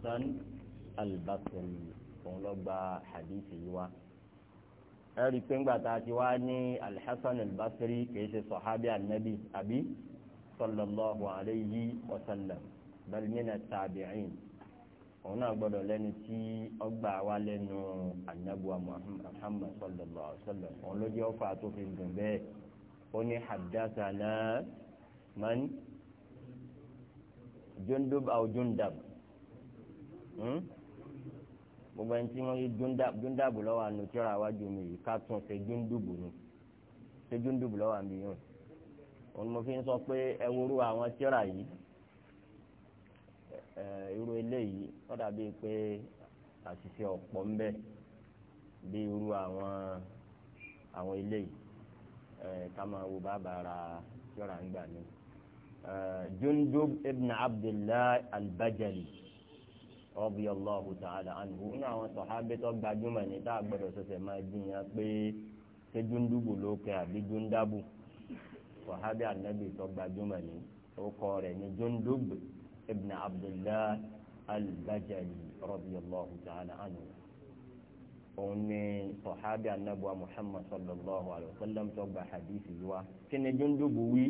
Hasan al-Basri òun ló gba hadith yìí wá ẹ̀rí pé ńgbà tá a ti wá ní al-Hasan al-Basri kìí ṣe sọ̀hábí anabi àbí sallallahu alayhi wa sallam bal min at-tabi'in òun náà gbọ́dọ̀ lẹ́ni tí ọgbà wa lẹ́nu anabuwa muhammad sallallahu alayhi òun ló jẹ́ ọ̀fà tó dùn bẹ́ẹ̀ ó ní haddathana man jundub aw jundab. Hmm? gbogbo ẹni tí wọ́n yí dúndàbù lọ́wọ́ àánú tí ọ̀rọ̀ àwájú mi yìí ká tún ṣe dúndùbù ni ṣe dúndùbù lọ́wọ́ àmì yìí òun mo fi ń sọ pé ẹ worú àwọn tíra yìí ẹ irú eléyìí ó dàbí pé àṣìṣe ọ̀pọ̀ ń bẹ bí irú àwọn àwọn eléyìí ẹ ká máa wo bàbá ara tíra ń gbà ní. Jundub ibn Abdullah al-Bajali radiyallahu ta'ala anhu nínú àwọn sọ̀hábẹ́ tó gbajúmọ̀ ní tá a gbọ́dọ̀ sọ̀sẹ̀ máa jiyàn pé ṣé dúndúbù ló kẹ àbí dúndábù sọ̀hábẹ́ ànábì tó gbajúmọ̀ ní orúkọ rẹ̀ ní dúndúbù ibn abdullah al-bajali radiyallahu ta'ala anhu òun ni sọ̀hábẹ́ ànábì wa muhammad sallallahu alayhi wa sallam tó gba hadithi wa kí ni dúndúbù wí.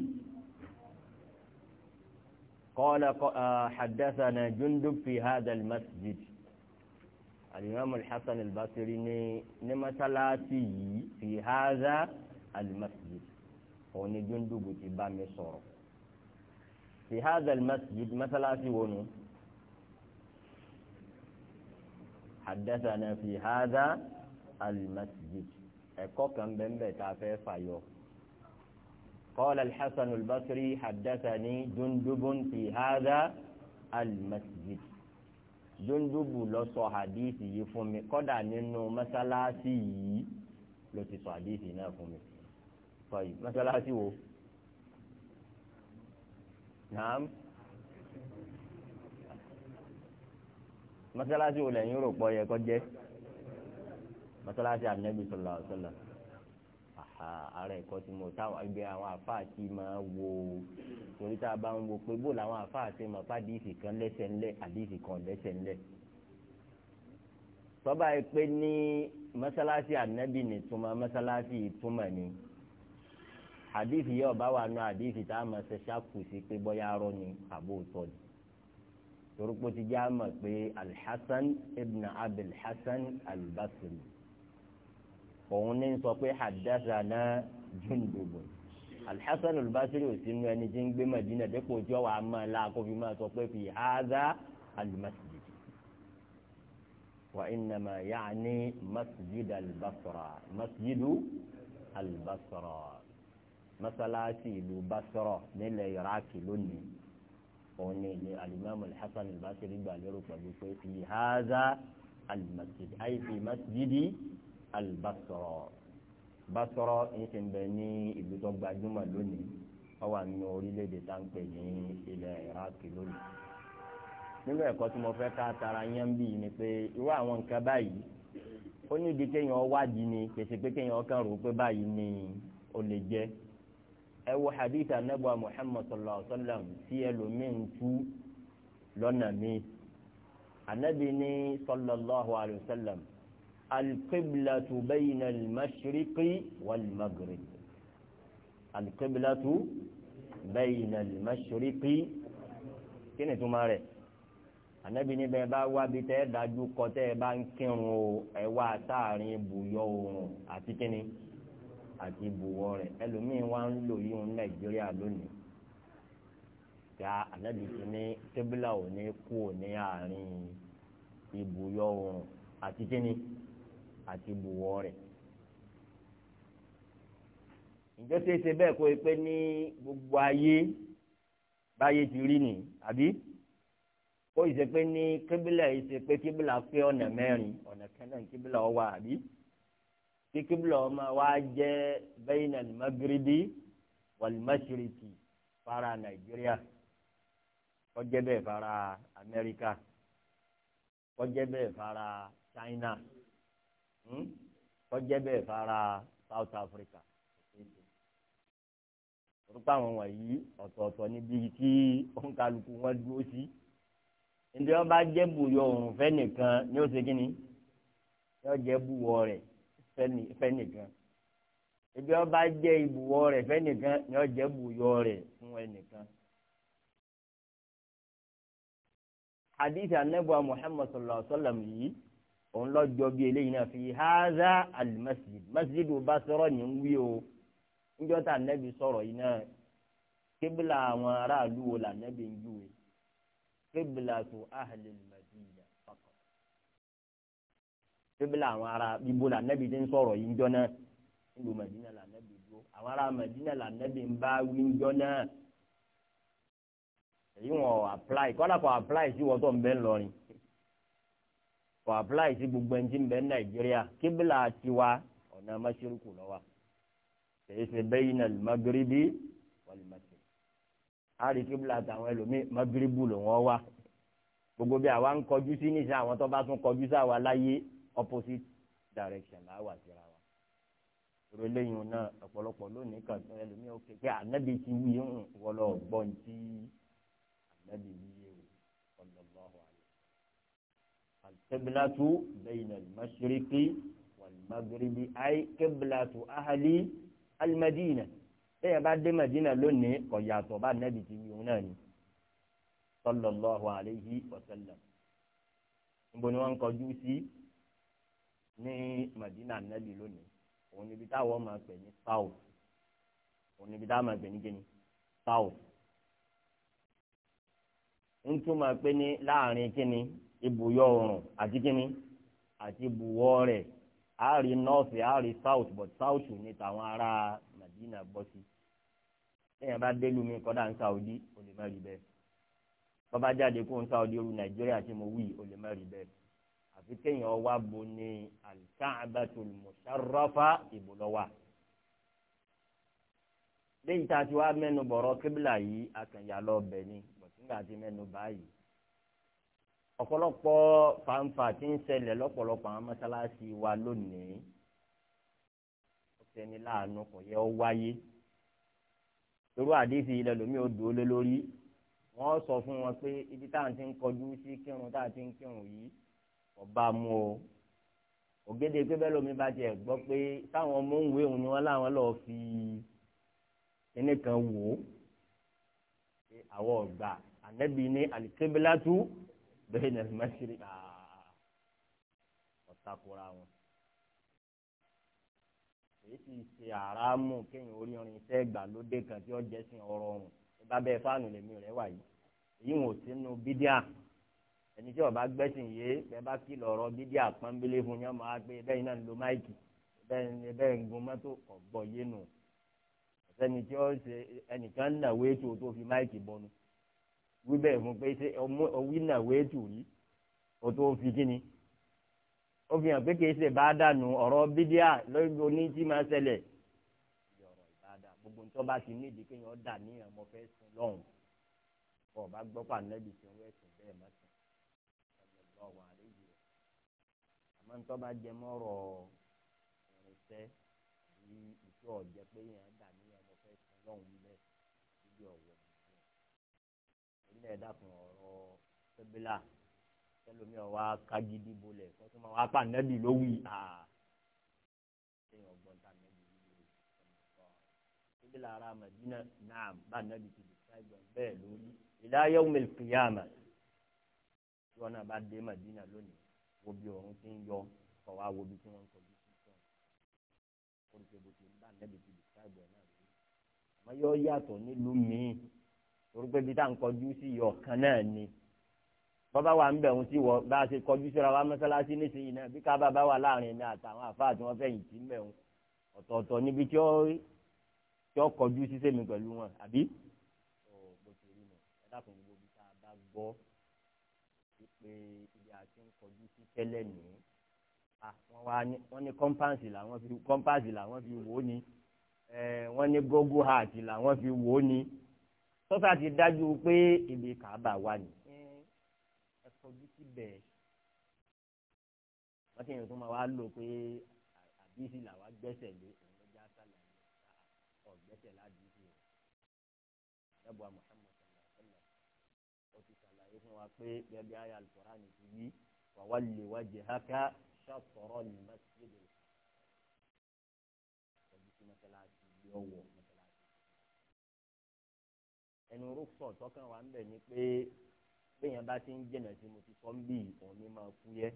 قال حدثنا جندب في هذا المسجد الإمام الحسن البصري نمثلاتي في هذا المسجد هون جندب تبام صور في هذا المسجد مثلاتي ونو حدثنا في هذا المسجد ẹ̀kọ́ kan bẹ́ẹ̀ bẹ́ẹ̀ tá قال الحسن البصري حدثني جندب في هذا المسجد جندب لو سو حديث يفهم قد انه مثلا سي لو حديث نافهم طيب مثلا سي هو نعم مثلا سي ولا يرو بويه كوجه مثلا سي النبي صلى الله عليه وسلم ara ẹ̀kọ́ tí mo táwọn ẹgbẹ́ àwọn àfáà ti máa wo torí tá a bá ń wo pé bó làwọn àfáà ti mọ̀ fádìsì kan lẹ́sẹ̀ ńlẹ̀ àdìsì kan lẹ́sẹ̀ ńlẹ̀ tọ́ba yìí pé ní mọ́sálásí ànábì nìtúmọ̀ mọ́sálásí ìtúmọ̀ ni àdìsí yóò bá wà nù àdìsí tá a mọ̀ ṣe ṣàkù sí pé bọ́yá arọ́ ni àbó tọ́ ni torí pé ti jẹ́ àmọ̀ pé alḥasan ibn abilḥasan albasri òun ní sọ pé hadathana Jundub Al-Hasan Al-Basri ò sínú ẹni tí ń gbé Madina dépò tí ọwọ́ àmọ́ ẹ̀la kó fi máa sọ pé fi hadha al-masjid wa innama ya'ni masjid al-Basra masjidu al-Basra masalasi ìlú Basra nílẹ̀ Iraki lónìí òun ni ilé alimami alhassan albasiri gbà pẹ̀lú pé fi haza almasjid ayi fi masjidi albasọrọ basọrọ ń ṣe ń bẹ ní ìlú tó gbajúmọ̀ lónìí wọ́n wà nínú orílẹ̀-èdè tá ń pè ní ilẹ̀ iraq lónìí nínú ẹ̀kọ́ tí mo fẹ́ ká tara yẹn bí ni pé irú àwọn nǹkan báyìí ó ní ibi kéèyàn wádìí ni kèsì pé kéèyàn kàn rò pé báyìí ni ó lè jẹ́ ẹ wo hadith anabuwa muhammad sallallahu alaihi wa sallam tí ẹlòmíín tú lọ́nà mi anabi ní sallallahu alaihi wa sallam alqiblatu bayna almashriqi walmaghrib alqiblatu bayna almashriqi kí ni túmọ̀ rẹ̀ anabi ni bẹ́ẹ̀ bá wá bi tẹ́ ẹ dájú kọ tẹ́ ẹ bá ń kírun o ẹ wá sáàrin bùyọ oòrùn àti kíni àti bùwọ rẹ̀ ẹlòmíín wá ń lò yíyún nàìjíríà lónìí ya anabi ti ní kébìlà ò kú ò àárín ibùyọ oòrùn àti kíni àti buwọ́ rẹ̀ ǹjọ́ ṣe é ṣe bẹ́ẹ̀ kó o pé ní gbogbo ayé báyé ti rí nì àbí ó ṣe pé ní kébìlà yìí ṣe pé kébìlà pé ọ̀nà mẹ́rin ọ̀nà kẹ́nà kébìlà ọwọ́ àbí tí kébìlà ọmọ wa jẹ́ bẹ́yìn alimagiribi wàlímàṣiriki fara nàìjíríà kọjẹ́ bẹ́ẹ̀ fara amẹ́ríkà kọjẹ́ bẹ́ẹ̀ fara china. Hmm? tọ́jẹ́ bẹ́ẹ̀ fara South Africa orúkọ àwọn wọ̀nyí ọ̀tọ̀ọ̀tọ̀ níbi tí òǹkàlùkù wọn dúró sí ndé wọn bá jẹ́ bùyọ̀ òrùn fẹ́nìkan ní ó ṣe kínní yóò jẹ́ bùwọ̀ rẹ̀ fẹ́nìkan ebi wọn bá jẹ́ ìbùwọ̀ rẹ̀ fẹ́nìkan yóò jẹ́ bùyọ̀ rẹ̀ fún ẹnìkan. hadith anabu muhammad sallallahu alaihi wa sallam yìí òun lọ́jọ́ bí eléyìí náà fi haza almasjid masjidu basoro ní ń wí o níjọ́ tá nẹ́bi sọ̀rọ̀ yìí náà kébìlà àwọn aráàlú wo là nẹ́bi ń júwe kébìlà tó ahlil madina faqat kébìlà àwọn ará ibo là nẹ́bi ti ń sọ̀rọ̀ yìí níjọ́ náà nílùú madina là nẹ́bi dúró àwọn ará madina là nẹ́bi ń bá wí níjọ́ náà èyí wọn apply kọ́lá kọ́ apply sí wọ́n tó ń bẹ́ ńlọrin kò apply sí gbogbo ẹni tí ń bẹ ní nàìjíríà kíbílà tiwa ọ̀nà mọ́ṣíríkù lọ́wọ́ kìí ṣe bẹ́yìn náà magrebi wal mashriq a rí kíbílà tàwọn ẹlòmíì magrebu ló wọ́n wá gbogbo bí àwa ń kọjú sí níṣẹ́ àwọn tó bá tún kọjú sí àwa láyé opposite direction là wà síra wa ìrò eléyìí náà ọ̀pọ̀lọpọ̀ lónìí kan ẹlòmíì ó kékeré ànábì ti wí ń wọlọ́ ọ̀gbọ́n tí. alqiblatu bayna almashriqi walmaghribi ay qiblatu ahali almadina bẹ́ẹ̀ bá dé madina lónìí kò yàtọ̀ bá nẹ́bi ti wíwọ́n náà ni sallallahu alayhi wa sallam níbo ni wọ́n ń kọjú sí ní madina nẹ́bi lónìí òun níbi táwọn máa pè ní south òun níbi táwọn máa pè ní kíni south ń tún máa ní láàrin kíni ibùyọ oòrùn àti kíni àti ibùwọ̀ rẹ̀ àárí north àárí south but south ní tàwọn ará Madina bọ́ sí lẹ́yìn bá délùú mi kọ́dà ń Saudi ó lè má rí bẹ́ẹ̀ bọ́bá kó ń Saudi oru Nàìjíríà tí mo wí ó lè má rí bẹ́ẹ̀ àfi kéèyàn wá bo ní alkaabatul musharrafa ìbòlọ́wà léyìí tá a ti wá mẹ́nu bọ̀rọ̀ kébìlà yìí akànyà lọ bẹ̀ ni bọ̀túngà ti mẹ́nu báyìí ọ̀pọ̀lọpọ̀ fanfa tí ń ṣẹlẹ̀ lọ́pọ̀lọpọ̀ àwọn mọ́sálásí wa lónìí ó ṣeni láàánú kò yẹ ó wáyé torú àdéhìí ilẹ̀ lómi ò dúró lé lórí wọ́n sọ fún wọn pé ibi tá à ń ti ń kọjú sí kírun tá à ti ń kírun yìí ọba mu o ògèdè pé bẹ́ẹ̀ lómi bá tiẹ̀ gbọ́ pé táwọn ọmọ òǹwé òun ni wọ́n láwọn lọ́ọ́ fi ẹnìkan wò ó àwọn ọ̀gbà ànẹ́bí ní alikébílátú bẹ́ẹ̀ ní ẹ̀fọ́mẹ́sìrì ọ̀takùra wọn. èyí ti ṣe àràmù kéèyàn orí orin iṣẹ́ ìgbàlódé kan tí ó jẹ́ sí ọrọ̀ ọ̀hún ìbá bẹ́ẹ̀ fáànù lèmi rẹ̀ wà yìí èyí wọn ò sínú bídíà ẹni tí ọba gbẹ́sìn yé bẹ́ẹ̀ bá kí lọ́rọ̀ bídíà pọ́nbélé fún yẹn máa gbé e bẹ́ẹ̀ náà ń lo máìkì bẹ́ẹ̀ bẹ́ẹ̀ ń gun mọ́tò ọ̀gbọ̀ yé nù ẹni tí ó ṣe ẹnìkan náà wéé tó fi máìkì bọnu wí bẹ́ẹ̀ fún pé ṣé ọwí náà wéé tù rí o tó ń fi kíni ó fi hàn pé kìí ṣe bá dànù ọ̀rọ̀ bídíà lóyún oní tí máa ṣẹlẹ̀ ọ̀rọ̀ ìbáadà gbogbo nítorí bá ti nídìí kí yẹn dà ní ọmọ fẹ́ sin lọ́hùn bọ̀ bá gbọ́ pa nẹ́bí tí wọ́n ẹ̀sìn bẹ́ẹ̀ má sìn ọ̀gbọ̀n wà léyìí rẹ̀ àmọ́ nítorí bá jẹ mọ́rọ̀ ìrìnsẹ́ ní ìṣó ọ̀jẹ́ pé yẹn dà ní ọmọ fẹ́ sin lọ́hùn bẹ́ẹ̀ níbi ọ̀wọ́ sílẹ̀ dákun ọ̀rọ̀ tẹ́bílà tẹ́lómi ọ̀wá kágídí bolẹ̀ kó tó máa wá pa nẹ́bì lówì à tẹ́bílà ara mẹ̀dínà náà bá nẹ́bì ti dìtà ìgbọ̀n bẹ́ẹ̀ lórí ila yawmil qiyamah tí wọn náà bá dé mẹ̀dínà lónìí wo bí òun ti ń yọ kọ̀ wá wo bí tí wọ́n ń kọjú sí sọ́ọ̀ kó bó ti ń bá nẹ́bì ti dìtà ìgbọ̀n náà lórí àmọ́ yóò orúkọ ibi tá à ń kọjú sí ọ̀kan náà ni bọ́bá wa ń bẹ̀ ń sí wọ bá a ṣe kọjú síra wa mọ́sálásí nísìnyí náà bí kábà bá wà láàrin mi àtàwọn àfáà tí wọ́n fẹ́ yìí ti ń bẹ̀ ń ọ̀tọ̀ọ̀tọ̀ níbi tí ó kọjú sí sẹ́mi pẹ̀lú wọn àbí a bá gbọ́ pé ibi àti ń kọjú sí tẹ́lẹ̀ ní wọ́n wá ní wọ́n ní kọ́mpáǹsì làwọn fi kọ́mpáǹsì làwọn fi wò ó ní wọ́n ní gógó hàtì làwọn fi wò ó ní sọ́sà ti dájú pé ibi kàábà wà ní ẹ kọjú síbẹ̀ wọ́n ti yàn tó máa wá lò pé àdìsí làwa gbẹ́sẹ̀ lé òun já sálà ní ọ̀ gbẹ́sẹ̀ ládìsí o ẹ̀bùn Muhammad sọ̀rọ̀ ó ti sàlàyé fún wa pé bẹ́ẹ̀ ayé Al-Qur'ani ti yí wa walli wajhaka shatral masjid kọjú sí mọ́sálásí yọ̀wọ̀ ẹnu rúfọ̀ tọ́kàn wà ń bẹ̀ ni pé bẹ́ẹ̀yàn bá ti ń jìnà sí mo ti sọ ń bì òun ni máa kú yẹ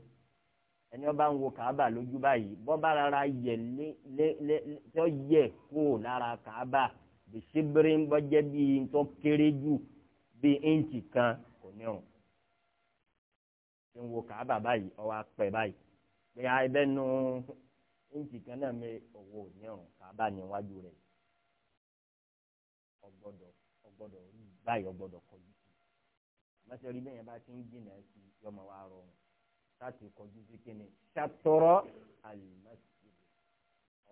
ẹni ọba ń wo kàábà lójú báyìí bọ́bá rárá yẹ lé lé lé tó yẹ kó lára kàábà bìsíbírí ń bọ́jẹ́ bíi tó kéré jù bíi íǹtì kan kò ní o ti ń wo kàábà báyìí ọwọ́ apẹ̀ báyìí pé ẹbẹ́ nu íǹtì kan náà mi òwò ní o kàábà níwájú rẹ̀ ọgbọ́dọ̀ gbọ́dọ̀ rí báyìí ọgbọ́dọ̀ kọjú sí mọ́tẹ́ rí bẹ́ẹ̀ yẹn bá ti ń jìnà sí yọmọ wa rọrùn láti kọjú sí kíni ṣàtọrọ àlùmọ́sí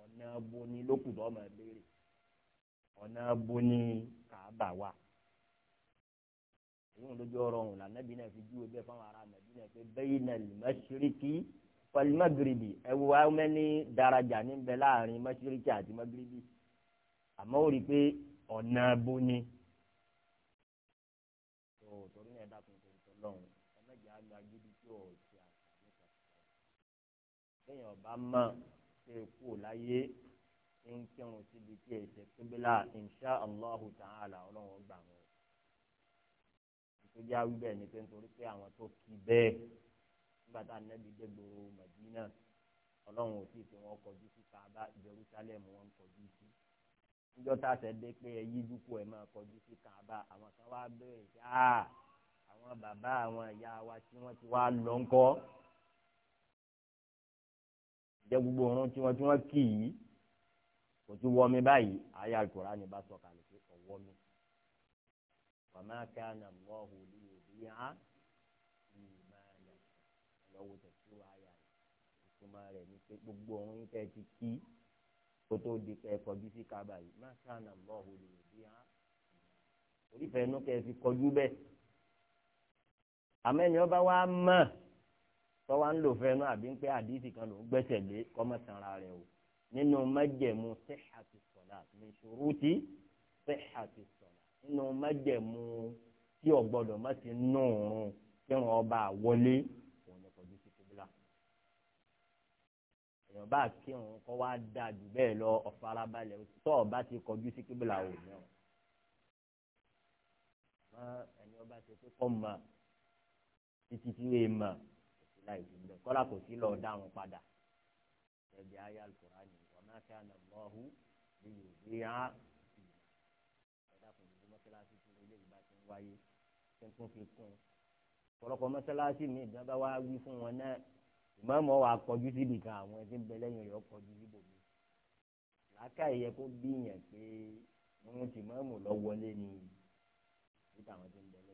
ọ̀nà boni lókùtọ̀ ọmọ ìbéèrè ọ̀nà boni kàábà wa ìwọ̀n lójú ọ̀rọ̀ ọ̀hún lànàbí náà fi júwe bẹ́ẹ̀ fáwọn ará nàbí náà pé bayna al-mashriqi wal-maghribi ẹ wo how níbẹ̀ láàrin mashriqi àti maghribi àmọ́ ó rí pé ọ̀nà boni dákun tó ń tọ́ lọ́hùn ẹ mẹ́jọ á lo agídí tí ò ti àǹfààní kankan. kéèyàn ọba mọ̀ ṣe kú láyé ń kírun síbi tí èsè kébélà insha allahu ta'ala ọlọ́run gbà wọn. ìtòjá wíbẹ̀ ni pé nítorí pé àwọn tó kí bẹ́ẹ̀ nígbà tá a nẹ́bi dégboro Madina ọlọ́run ò sì fi wọn kọjú sí Kaaba Jerusalem wọn kọjú sí níjọ́ tá a sẹ́ dé pé ẹ yíjú kú ẹ máa kọjú sí Kaaba àwọn kan wá bẹ̀rẹ̀ sí àwọn bàbá àwọn ìyá wa tí wọ́n ti wá lọ ńkọ́ jẹ́ gbogbo ọ̀run tí wọ́n tí wọ́n kì í kò tún wọ́ mi báyìí àyá al ni bá sọ kalẹ̀ pé ọ̀wọ́ mi. wa ma kana Allahu liyudi'a imanakum lọ́wọ́ tẹ̀síwò àyà rẹ̀ ìtumọ̀ rẹ̀ ni pé gbogbo ọ̀run yín tẹ́ ti kí kó tó di kẹ́ kọjú sí Kaaba yìí ma kana Allahu liyudi'a orífẹ̀ẹ́nú kẹ́ fi kọjú bẹ́ẹ̀ àmẹ́ni ọba wa mọ̀ tọ́wá ń lò fẹ́nu àbí ń pẹ́ àdìsí kan ló ń gbẹ́sẹ̀ lé kọ́mọ́tara rẹ̀ o nínú májẹ̀mú sihhati salat min shuruti sihhati salat nínú májẹ̀mú tí ò gbọ́dọ̀ má ti nù ún kí wọn ọba wọlé òun ni kò ní sí kíbla èèyàn bá kí wọn kọ́ wá dáa jù bẹ́ẹ̀ lọ ọ̀farabalẹ̀ tọ́ ọba ti kọjú sí kíbla òun náà ẹni ọba ti kọ́ máa títí tí wọ́n mọ̀ kò sí láì fi bẹ́ẹ̀ kọ́lá kò sí lọ́ọ́ dáhùn padà ẹ̀jẹ̀ ayé alukurani wọn náà kí àná lọ́hùn bí yóò bí á ẹ̀dá kò ní mọ́kíláàsì tí ilé ìgbà ti ń wáyé kí n tún fi kún un ọ̀pọ̀lọpọ̀ mọ́sálásí mi ìjọba wa wí fún wọn náà ìmọ̀ọ́mọ́ wa kọjú síbi kan àwọn ẹbí ń bẹ lẹ́yìn rẹ̀ kọjú síbò mi làákà yẹ kó bíyàn pé wọn ti mọ́ọ̀mù lọ wọlé ni níta ti ń bẹ lẹ́yìn.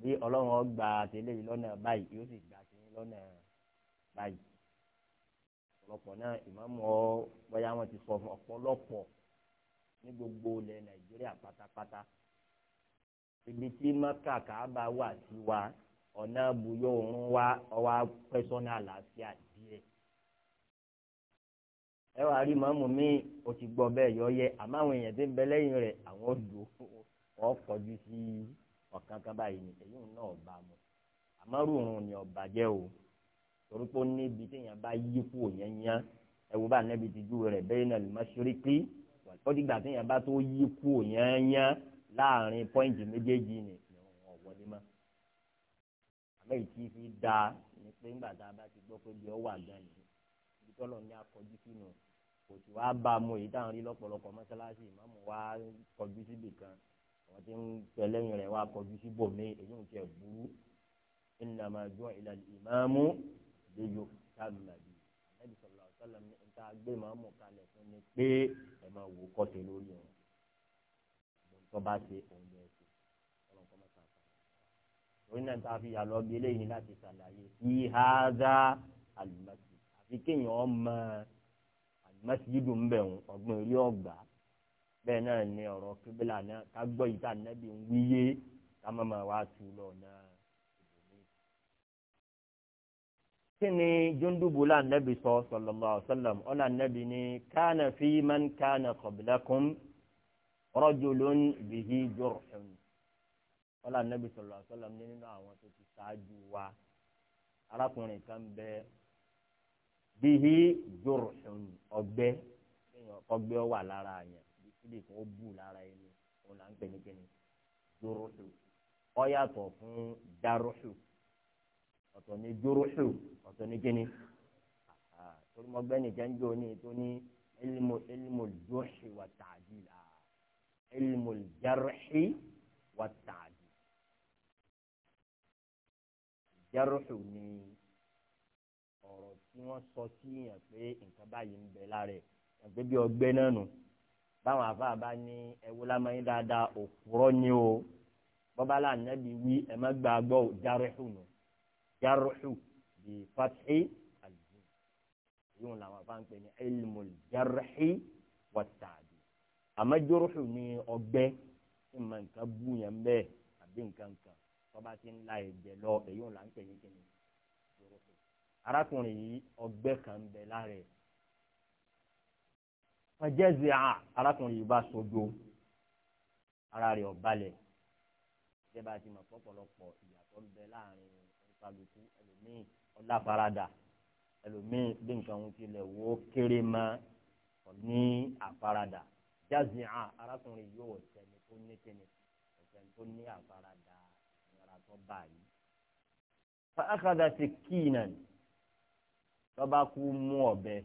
àbí ọlọ́run ọgbà àtẹlẹ́ yìí lọ́nà báyìí yóò sì gbà sí lọ́nà báyìí ọ̀pọ̀lọpọ̀ náà ìmáàmù ọ bóyá wọn ti sọ fún ọ̀pọ̀lọpọ̀ ní gbogbo ilẹ̀ nàìjíríà pátápátá ibi tí kaaba wà sí wa ọ̀nà àbúyọ òun wá ọwọ́ pẹ́sọ́nà àlàáfíà díẹ̀ ẹ wàá rí mi ti gbọ́ bẹ́ẹ̀ yẹ àmọ́ àwọn èèyàn ti ń bẹ lẹ́yìn rẹ̀ àwọn ò ọ̀kan kan báyìí ni èyí náà ọba mu àmọ́rù òun ni ọba jẹ́ o torí pé ó ní ibi téèyàn bá yí kú òyẹ́nyá ẹ̀wù bá nẹ́bi ti dúró rẹ̀ bẹ́ẹ̀ náà lè má ṣeré pé ó dìgbà téèyàn bá tó yí kú òyẹ́nyá láàrin pọ́ìntì méjèèjì ni ìwọ̀n wọlé mọ́ àmọ́ èyí fi da ni pé ńgbà tá a bá ti gbọ́ pé bí ọ wà gan ni ibi tọ́lọ̀ ní akọjú sínú kò sì wá bá a mú èyí táwọn rí lọ́pọ̀lọpọ̀ mọ́ṣáláṣí àwọn tí ń bẹ lẹ́yìn rẹ̀ wá kọjú sí bòmí èyí ń tẹ̀ burú innama ju'ila al-imamu liyutamma bihi Ànábì sallallahu alaihi wasallam níta gbé màmú kalẹ̀ fún ni pé ẹ̀ máa wò kọ́tẹ̀ lórí wọn tó bá ṣe òun yẹn ṣe ọlọ́nkọ́ mẹ́ta fún un. torí náà tá a fi yàlọ́ bí eléyìí láti ṣàlàyé ìhàdá àlùmọ́sí àfi kéèyàn ọmọ àlùmọ́sí yìí dùn bẹ̀ ń ọgbọ́n eré bẹ́ẹ̀ náà ni ọ̀rọ̀ kíbílà náà ká gbọ́ yìí tá nẹ́bí ń wíyé ká má máa wá tu lọ náà. kí ni jundubù la nẹ́bí sọ sallallahu alaihi ọ̀là nẹ́bí ni kana fi man kana qablakum rajulun bihi jurhun ọ̀là nẹ́bí sallallahu alaihi wasallam nínú àwọn tó ti ṣáájú wa arákùnrin kan bẹ bihi jurhun ọgbẹ́ ọgbẹ́ wà lára yẹn síbi kan ó bù lára ẹni òun là ń pè ní kíni jóròṣù ó yàtọ̀ fún dáròṣù ọ̀tọ̀ ní jóròṣù ọ̀tọ̀ ní kíni torí mo gbẹ́ni kan jọ ní tó ní ilmu ilmu jóròṣù wà ta'dil ilmu jarhi wà ta'dil jarhu ni ọ̀rọ̀ tí wọ́n sọ sí yàn pé nǹkan báyìí ń bẹ lára ẹ̀ ẹ̀gbẹ́ bí ọgbẹ́ náà nù báwọn àfáà bá ní ẹwọ lámọyìn dáadáa òpùrọ́ ni o bọ́bálà nàbí wí ẹ má gbàgbọ́ jarhu nù jarhu bí fathi alìjìn yóò làwọn àfáà ń pè ní ilmul jarhi wàtàdì àmọ́ jarhu ni ọgbẹ́ ìmọ̀ nǹkan bú yẹn bẹ́ẹ̀ àbí nǹkan kan tọ́ba ti ń la ẹ̀jẹ̀ lọ èyí ò là ń pè ní kíni arákùnrin yìí ọgbẹ́ kan ń lára ẹ̀ fàjẹ́sì hàn ah, arákùnrin yìí bá sojo ara rẹ̀ ọ̀balẹ̀ ìjẹba ti mọ̀ pọ̀pọ̀lọpọ̀ ìyàtọ̀ ń bẹ láàrin ìpàlùkù ẹlòmíì ọláfaradà ẹlòmíì bí nǹkan ń tilẹ̀ wó kéré mọ́ ní àfaradà jáde hàn ah, arákùnrin yìí ò sẹ́ni tó ní kíni ọ̀sẹ̀ni tó ní àfaradà ìyàrá tó báyìí. fa akada sikinan tó bá kú mú ọ̀bẹ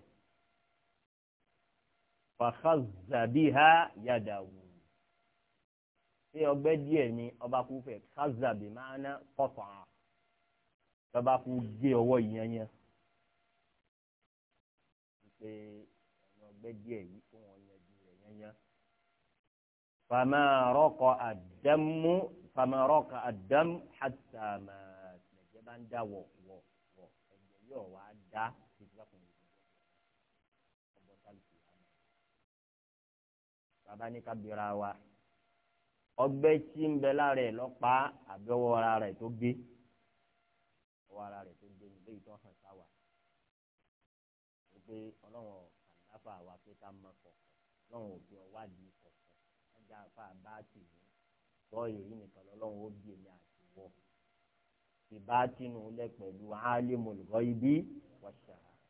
fàkàzàbíhá yàdàwù ṣé ọgbẹ́ díẹ̀ ni ọba kú fẹ́ kàzàbí máa ná kọfà ọba kú gé ọwọ́ yẹn yẹn pé ọgbẹ́ díẹ̀ yìí fún wọn yẹn ju rẹ̀ yẹn yẹn. fàmà rọkọ àdámú fàmà rọkọ àdámú hàtàmà ẹ̀jẹ̀ bá ń dà wọ̀ wọ̀ wọ̀ ẹ̀jẹ̀ yóò wá dá. bàbá ní kábíra wa ọgbẹ́ tí ń bẹ lára ẹ̀ lọ́pàá àbẹ̀wò ara rẹ̀ tó gbé ọwọ́ ara rẹ̀ tó gbé nílé ìtọ́ hàn sáwà pé ọlọ́run àdáfà wa pé ká mọ kọ̀ọ̀kan ọlọ́run ò ọwádìí kọ̀ọ̀kan ọjà àfà bá tì mí tọ́ èyí nìkan lọ́lọ́run ó bí èmi àti wọ́ ìbá tínú lẹ pẹ̀lú alimul ghaibi wash-shahada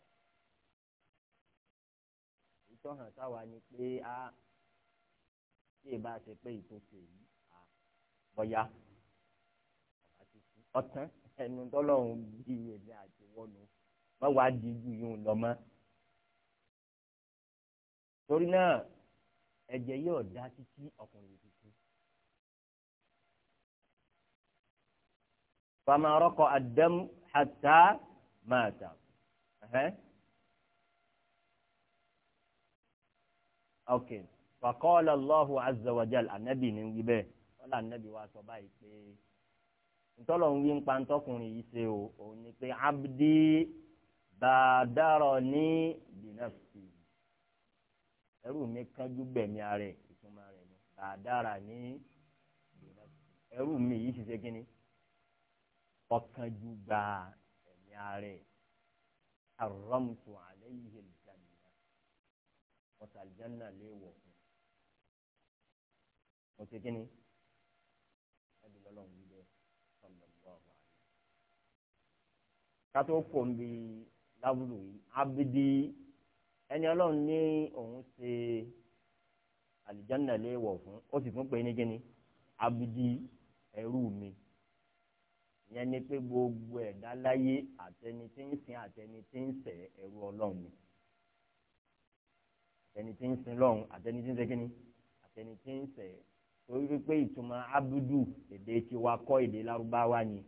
ìtọ́ hàn sáwà ni pé a tí ì bá ṣe pé ìtòsí yìí á bọ́yá ọ̀tán ẹnu tọ́lọ́run bí èmi àti wọ́nu má wàá di ju yóò lọ mọ́. torí náà ẹ̀jẹ̀ yóò dá títí ọkùnrin títí. fama rọkọ àdẹ́m hatta mata. Okay faqala Allahu azza wa jal ànábì ní wí bẹ́ẹ̀ ọ̀là ànábì wa sọ báyìí pé ntọ́lọ̀ ń wí ń pa ntọ́kùnrin yìí ṣe o òun ni pé abdi badarani bi nafsi ẹrú mi kánjú gbẹ̀mí ara ìtumọ̀ rẹ̀ ni badarani bi nafsi ẹrú mi yìí ṣiṣẹ́ kínní ọkànjú gba ẹ̀mí ara arọ́mùtù àlẹ́ yìí lè dàbí ọ̀tàlìjánà léwọ̀ mo ti kíni ẹbí lọ́lọ́run yìí bẹ́ẹ̀ sallallahu alaihi kátó kò ń bi lábúlù yìí abidi ẹni ọlọ́run ní òun ṣe àlìjánná léèwọ̀ fún ó sì fún pé ní kíni abidi ẹrú mi ìyẹn ni pé gbogbo ẹ̀dá láyé àtẹni tí ń sin àtẹni tí ń sẹ̀ ẹrú ọlọ́run ni àtẹni tí ń sin lọ́run àtẹni tí ń ṣe kíni àtẹni tí ń sẹ̀ torí pé ìtumọ̀ abudu èdè tiwa kọ́ èdè lárúbáwá ni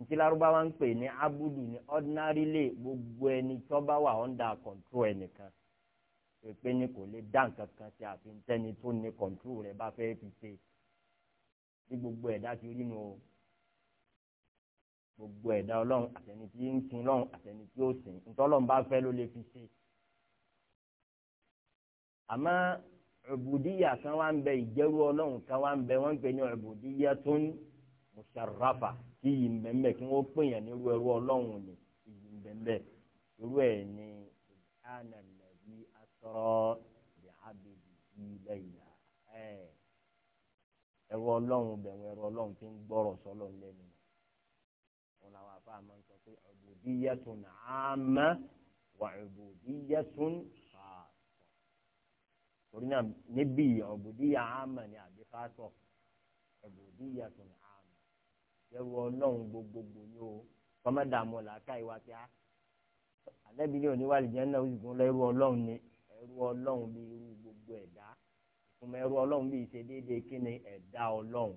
ntí lárúbáwá ń pè ní abudu ní ordinary lay gbogbo ẹni tó bá wà under control ẹnìkan pépé ni kò lè dá nǹkan kan ṣe àfihàn tẹ́ni tó ní control rẹ̀ bá fẹ́ fi ṣe bí gbogbo ẹ̀dá ti rí nu o gbogbo ẹ̀dá ọlọ́run àtẹni tí ń sin lọ́run àtẹni tí ó sìn ntọ́lọ́run bá fẹ́ ló lè fi ṣe àmọ́ ọ̀bùdíyà kan wá ń bẹ ìjẹ́rú ọlọ́run kan wá ń bẹ wọ́n ń pè ní ọ̀bùdíyà tó ń mùsàràfà tí yìí ń bẹ́ẹ̀ kí wọ́n pè yàn nírú ẹrú ọlọ́run ni yìí ń bẹ́ẹ̀ irú ẹ̀ ni ìdáná nàbí asọ́rọ́ ìhábìbì ilẹ̀ ìyá ẹ̀ ẹrú ọlọ́run bẹ̀rù ẹrú ọlọ́run ti ń gbọ́rọ̀ sọ́lọ́ lẹ́nu wọn làwọn afáàmọ́ torí náà níbí ọ̀bùdíyà àmà ni àbí fásọ̀ ọ̀bùdíyà tó ní àmà ẹrù ọlọ́run gbogbogbò ni o kọ́mẹ́dàmọ́ làákà ìwà tí a ah, àlẹ́bí ní oníwàlì jẹ́ náà oṣù fún ẹrù ọlọ́run ni ẹrù ọlọ́run bí irú gbogbo ẹ̀dá ìfúnmọ́ ẹrù ọlọ́run bí ṣe déédéé kí ni ẹ̀dá ọlọ́run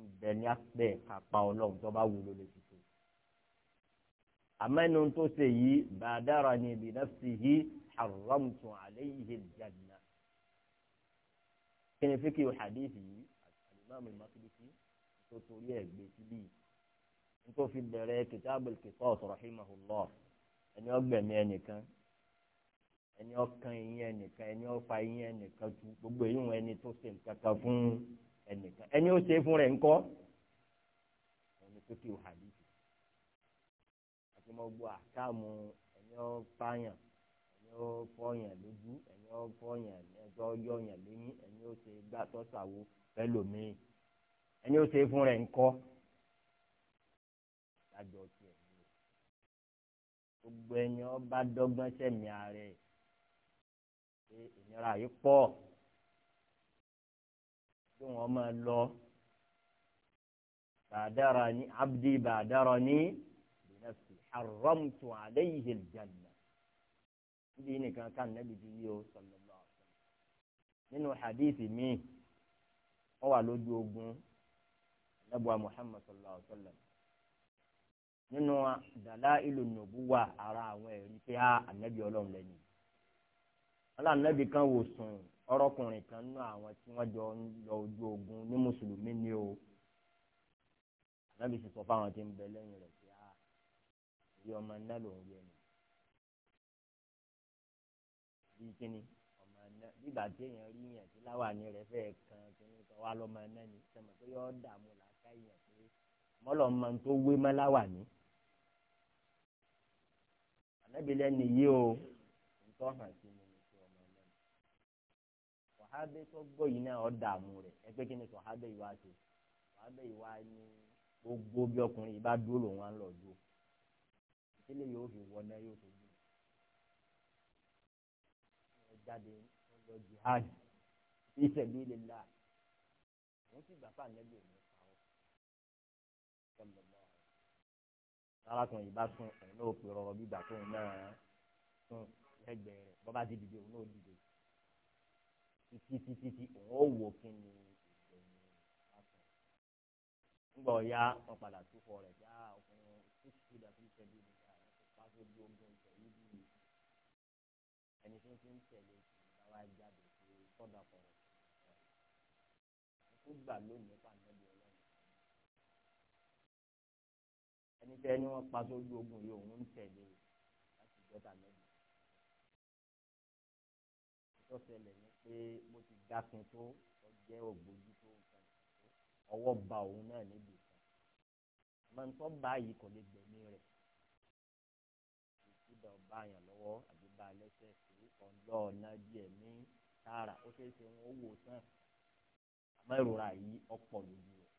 ń bẹ ní apẹ̀ kápá ọlọ́run tó bá wúlò lè tuntun àmẹ́nu tó ṣe yìí bàdára ni bi nafsihi حرمت عليه الجنة كان فكر حديثي الإمام المقدسي تطوريه بسبي انتو في الدراية كتاب القصاص رحمه الله أن يقبل ميانيكا ẹni kan ó fọyàn lójú ẹni ó fọyàn ẹjọ́ yọyàn lẹ́yìn ẹni ó ṣe gbà tọ́sàwó fẹlòmíì ẹni ó ṣe fún rẹ̀ ńkọ́ lájọ tiẹ̀ ní gbogbo ẹni ó bá dọ́gbọ́n sẹ́mi ààrẹ ṣe ìnira yìí pọ̀ kí wọ́n máa lọ bàdàrà ní abdi bàdàrà ní bìnnẹ́sì haramtu alayhi aljanna. bí nìkan ká nẹ́bi ti yí o sallallahu alaihi nínú hadithi míì ó wà lójú ogun nẹ́bùa muhammad sallallahu alaihi wasallam nínú dalailu nubuwa ara àwọn ẹ̀rí pé a ànẹ́bi ọlọ́run lẹ́nu ọlọ́run ànẹ́bi kan wò sùn ọ̀rọ̀kùnrin kan nínú àwọn tí jọ ń lọ ojú ogun ní mùsùlùmí ni o ànẹ́bi sì sọ fáwọn tí ń bẹ pé a sí kíni ọmọ ẹ̀nà bígbà tí èèyàn rí yàn tí láwàní rẹ̀ fẹ́ kan kíni kan wá lọ́mọ ẹ̀nà ni sọmọ pé yọ dààmú làákà yàn pé mọ́lọ̀ mọ tó wé mọ́ láwàní. ànábìlẹ̀ nìyí o nǹkan hàn sí mi ní ọmọ ẹ̀nà ni. sọ̀hábẹ́ tó gbọ́ yìí náà ọ̀ dààmú rẹ̀ ẹgbẹ́ kíni sọ̀hábẹ́ yìí wá ṣe sọ̀hábẹ́ yìí wá gbogbo bí ọkùnrin yìí bá dúró lòun á lọ dúró ìdílé yóò fi wọ náà yóò fi jáde wọ́n lọ jihad fi sabilillah wọ́n sì gbà fà nẹ́bí òní pàrọ̀ sọlọ́lọ́ arákùnrin yìí bá sún òun náà pè rọrọ bí ìgbà tóun náà sún lẹ́gbẹ̀ẹ́ rẹ̀ bọ́ bá ti dìde òun náà dìde títí títí tí òun ó wò kí ni ìgbẹ̀yìn ya wọn padà túfọ̀ rẹ̀ já ah, ọkùnrin six feet àti seven feet àti pàṣẹ bí ogun tó ti ń tẹ̀lé ìgbàwá jáde sí sọ́dà kọ̀ọ̀rọ̀ tó gbà lónìí pàǹdẹ́bí ọlọ́run ẹni tẹ́ ni wọ́n pa sójú ogun yìí òun ń tẹ̀lé láti jọ́ta mẹ́bí tó ṣẹlẹ̀ ni pé mo ti dákin tó ọjẹ́ ògbójú tó ọwọ́ ba òun náà níbi kan àmọ́ nǹkan báyìí kò lè gbẹ̀mí rẹ̀ ìtúdà ọba àyàn lọ́wọ́ àbí ba lẹ́sẹ̀ lọ nàdí ẹ̀mí tààrà ó é ṣe wọn ó wò sàn àmọ́ ìrora yìí ọ̀pọ̀ lójú rẹ̀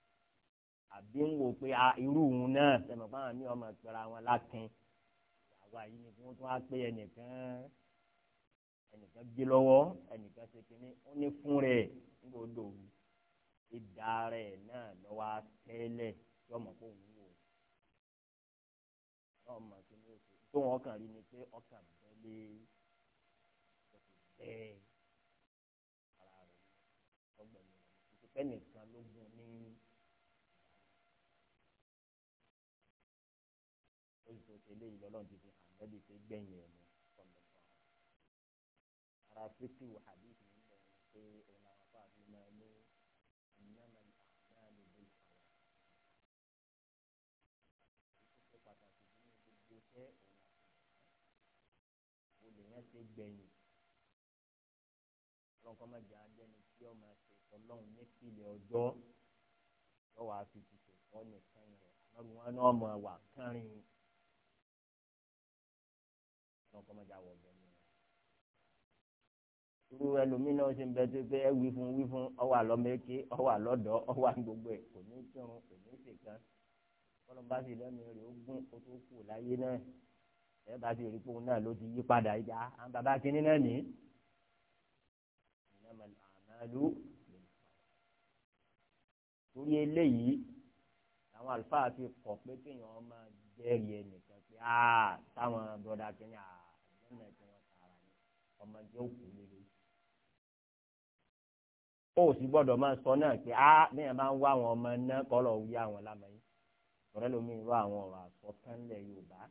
àbí ń wò pé ah, irú òun náà sẹ̀mọ̀ fáwọn ọmọ ìpẹ́ra wọn lákin àwa yìí ni kí wọ́n tún wá pé ẹnìkan ẹnìkan gbé lọ́wọ́ ẹnìkan ṣe kínní ó ní fún rẹ̀ nígbà odò ara rẹ̀ ọgbẹ̀ni ìtìpẹ́ nìkan ló gun ní oṣù tó lé yìí lọ́lọ́run ti fi hàn lẹ́bi pé gbẹ̀yìn ẹ̀ mọ́ ọ̀lọ́pàá ara fífi wà hàbíìsì ń bẹ̀rẹ̀ pé òun àwọn afọ àbí máa ní ìnáwó náà lè dé ìkàwé. ìtúkọ̀ pàtàkì nínú gbogbo iṣẹ́ òun àti ìgbà wo lè yẹn ṣe gbẹ̀yìn kọ́mọ̀jà ajẹ́ni tí ọmọ ẹ̀sẹ̀ ìtọ́lọ́hún ní pìlẹ̀ ọjọ́ yóò wá fi ti ṣètọ́ nìkan rẹ̀ lọ́rùn wọn náà mọ̀ wà kánrin náà kọ́mọ̀jà wọ̀ bẹ́ẹ̀ ni. irú ẹlòmínà ṣe ń bẹ tó pé ẹ wí fún wí fún ọwà lọ́mẹ́kẹ́ ọwà lọ́dọ̀ ọwà gbogbo ẹ̀ kò ní kírun kò ní ṣèkan kọlọmọba sì lẹ́nu rẹ̀ ó gún kó tó kù láyé náà àlù torí eléyìí àwọn àlùfáà fi kọ̀ pé kéèyàn máa jẹ́rìí ẹnìkan pé áà táwọn bọ́dà kẹ́yìn àgbẹ̀nà tí wọ́n tààrà ni ọmọ jẹ́ òkú lélẹ̀ ó sì gbọ́dọ̀ máa sọ náà pé á bẹ́ẹ̀ máa ń wá àwọn ọmọ náà kọ́ lọ́ọ́ wí àwọn lámẹ́yìn ọ̀rẹ́ lomi irú àwọn ọ̀rọ̀ àsọtánlẹ̀ Yorùbá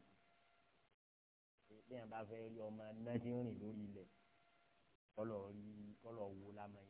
bẹ́ẹ̀ bá fẹ́ rí ọmọ náà tí ń rìn lórí ilẹ̀ kọ́ lọ́ọ́ rí kọ́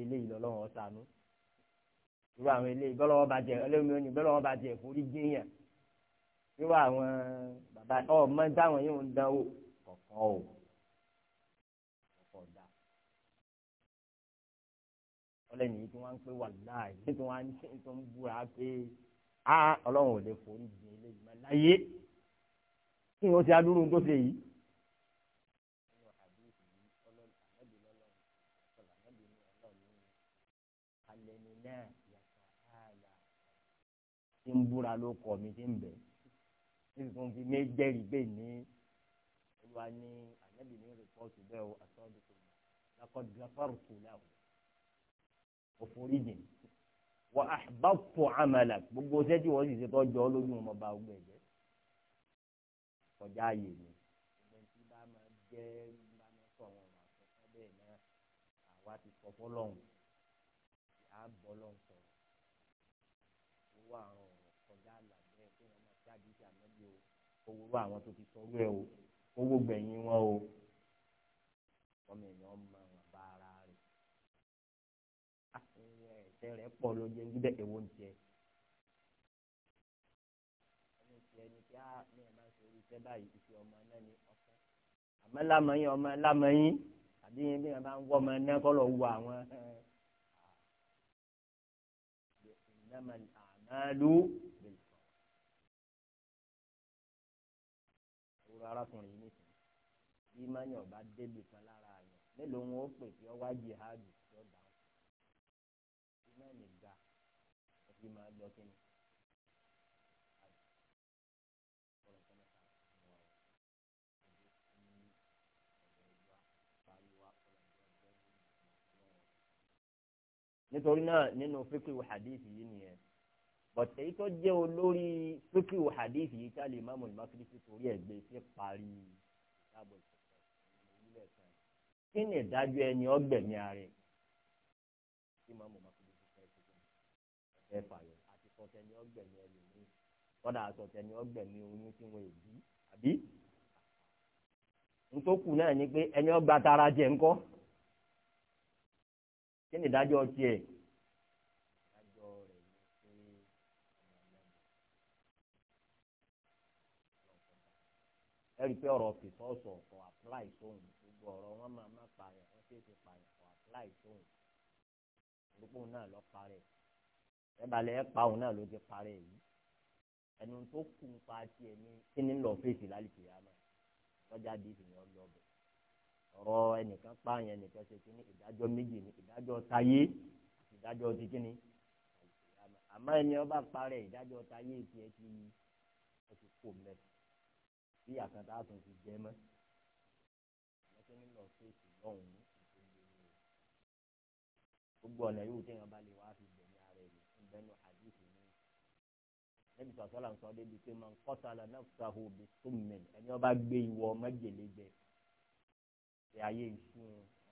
eléyìí lọ́lọ́run ọ̀sánú irú àwọn eléyìí bọ́lá wọn bá jẹ ẹlẹ́mi ó ní jíyàn irú àwọn bàbá ọ máa yìí ń dánwò kọ̀ọ̀kan o kọ̀ọ̀kan dá ọlẹ́ nìyí tí wọ́n ń pè wà láàyè tí wọ́n ń ṣe tó ń búra pé á ọlọ́run ò lè forí jìn eléyìí máa láyé kí ni ti adúrú tó ṣe yìí. tí ń búra ló kọ̀ mí tí ń bẹ̀ tí nǹkan fi mé jẹ́rìí bẹ́ẹ̀ ní olúwa ní ànábì ní rìpọ́ọ̀tù bẹ́ẹ̀ o àtọ́jú tó mọ̀ lakọ́dúnláfàrù tó láwù òforíjìn wà àbápò àmàlà gbogbo sẹ́tì wọ́n sì ṣe tọ́jú ọ lójú ọmọ bá gbẹ̀ jẹ́ kọjá ààyè mi ìgbẹ́ tí bá máa jẹ́ bá máa sọ àwọn ọ̀rọ̀ àkọ́kọ́ bẹ́ẹ̀ náà àwa ti sọ fọ́lọ́hún àá owó àwọn tó ti sọrú ẹ o owó gbẹ̀yìn wọn o ọmọ èèyàn mọ àwọn bá ara rẹ̀ àtúnyẹ ah, ẹ̀sẹ̀ rẹ̀ pọ̀ ló jẹ́ níbẹ̀ èwo ń tiẹ̀ ẹni tí ẹni tí á ní ẹ̀ máa ń ṣe iṣẹ́ báyìí ti fi ọmọ náà ní ọ̀fẹ́ àmọ́ lámọ̀yìn ọmọ lámọ̀yìn àbí yẹn bí wọn bá ń wọ́ ọmọ náà kọ́ lọ wo àwọn ẹ̀ ah. ẹ̀ ìnáma àmàlú. ọ̀rọ̀ arákùnrin yìí nìsín ìmánì ọba débi kan lára àyàn mélòó wọn pè tí ọwá jihadu tí ó dáhùn ìmánì ga ẹbí máa lọ kí ni. nítorí náà nínú fíkì hadith yìí nìyẹn but èyí tó jẹ́ olórí fíkì wò hadith yìí tí Al-Imam Al-Maqdisi torí ẹ̀ gbé sí parí ìdábò ìṣẹ̀lẹ̀ kan kí ni ìdájọ́ ẹni ọgbẹ̀mí ààrẹ tí Imam Al-Maqdisi fẹ́ ṣe fún ẹ fàyọ àti sọtẹ ni ọgbẹ̀mí ẹlòmíì kọ́dà sọtẹ ni ọgbẹ̀mí oyún tí wọ́n èbí àbí ntókù náà ni pé ẹni ọgbà tara jẹ ńkọ́ kí ni ìdájọ́ tiẹ̀. ẹ̀rí pé ọ̀rọ̀ fi sọ́ọ̀sọ̀ ọ̀kọ̀ apply sóhun gbogbo ọ̀rọ̀ wọn máa má pààyàn wọ́n ṣe é ṣe pààyàn kọ̀ apply sóhun gbogbo náà lọ parẹ́ ẹ̀bàlẹ̀ ẹ̀ pa òun náà ló ti parẹ́ yìí ẹnu tó kù ń pa tiẹ̀ ní kí ni lọ fèsì lálùkì yàrá lọ́jà dìbò yẹn lọ bẹ̀ ọ̀rọ̀ ẹnìkan pààyàn ẹnìkan ṣe kí ni ìdájọ́ méjì ni ìdájọ́ tayé ìdájọ́ ti kí ni àmọ́ ẹni ọba parẹ́ ìdájọ́ tayé tiẹ̀ ti kò mẹ́ta sí àkàtà tó fi jẹ mọ́ lọ́sẹ̀ nílò fèsì lọ́hùn-ún ìpele gbogbo ọ̀nà yóò téèyàn bá lè wá fi bẹ̀rẹ̀ ara rẹ̀ ìbẹ́nu àdìsí ni níbi sọ̀tọ́ là ń sọ débi pé man qatala nafsahu bitummin ẹni ó bá gbé ìwọ májèlé jẹ ṣe ayé ìsún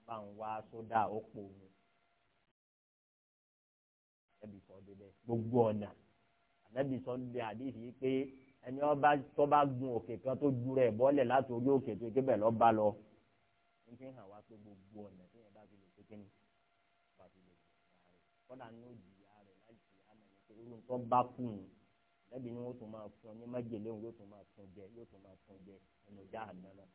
bá ń wá sódà ó pò mu níbi sọ débẹ̀ gbogbo ọ̀nà ànábì sọ ẹni ọba tó bá gun òkè kan tó ju rẹ̀ bọ́lẹ̀ láti orí òkè tó kébẹ̀ lọ́ bá lọ ń hàn wá pé gbogbo ọ̀nà tí yẹn bá fi lè ṣe kí ni bá fi lè ṣe rẹ̀ kọ́dà ní ó jìyà rẹ̀ láì ṣe àmàlẹ́ pé irú tó bá kù ní lẹ́bi ni wọ́n tún máa fún ní májèlé òun yóò tún máa fún jẹ yóò tún máa fún jẹ ẹnu ìjà àná náà.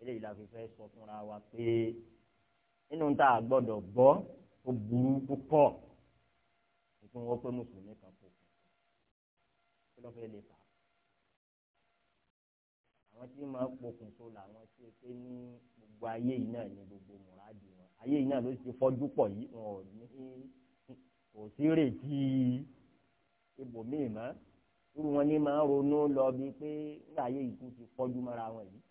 eléyìí la fi fẹ́ sọ fúnra wa pé nínú tá a gbọ́dọ̀ gbọ́ ó burú púpọ̀ fún wọn pé mùsùlùmí kan kò kù kí ló fẹ́ lè fà á. àwọn tí máa pokùn so làwọn tí pé ní gbogbo ayé yìí náà ní gbogbo mùrádì wọn ayé yìí náà ló ti fọ́jú pọ̀ yìí wọn ò ní kò sí rètí ibòmíì mọ́ irú wọn ní máa ronú lọ bíi pé nígbà ayé ìkú ti fọ́jú mọ́ra wọn yìí.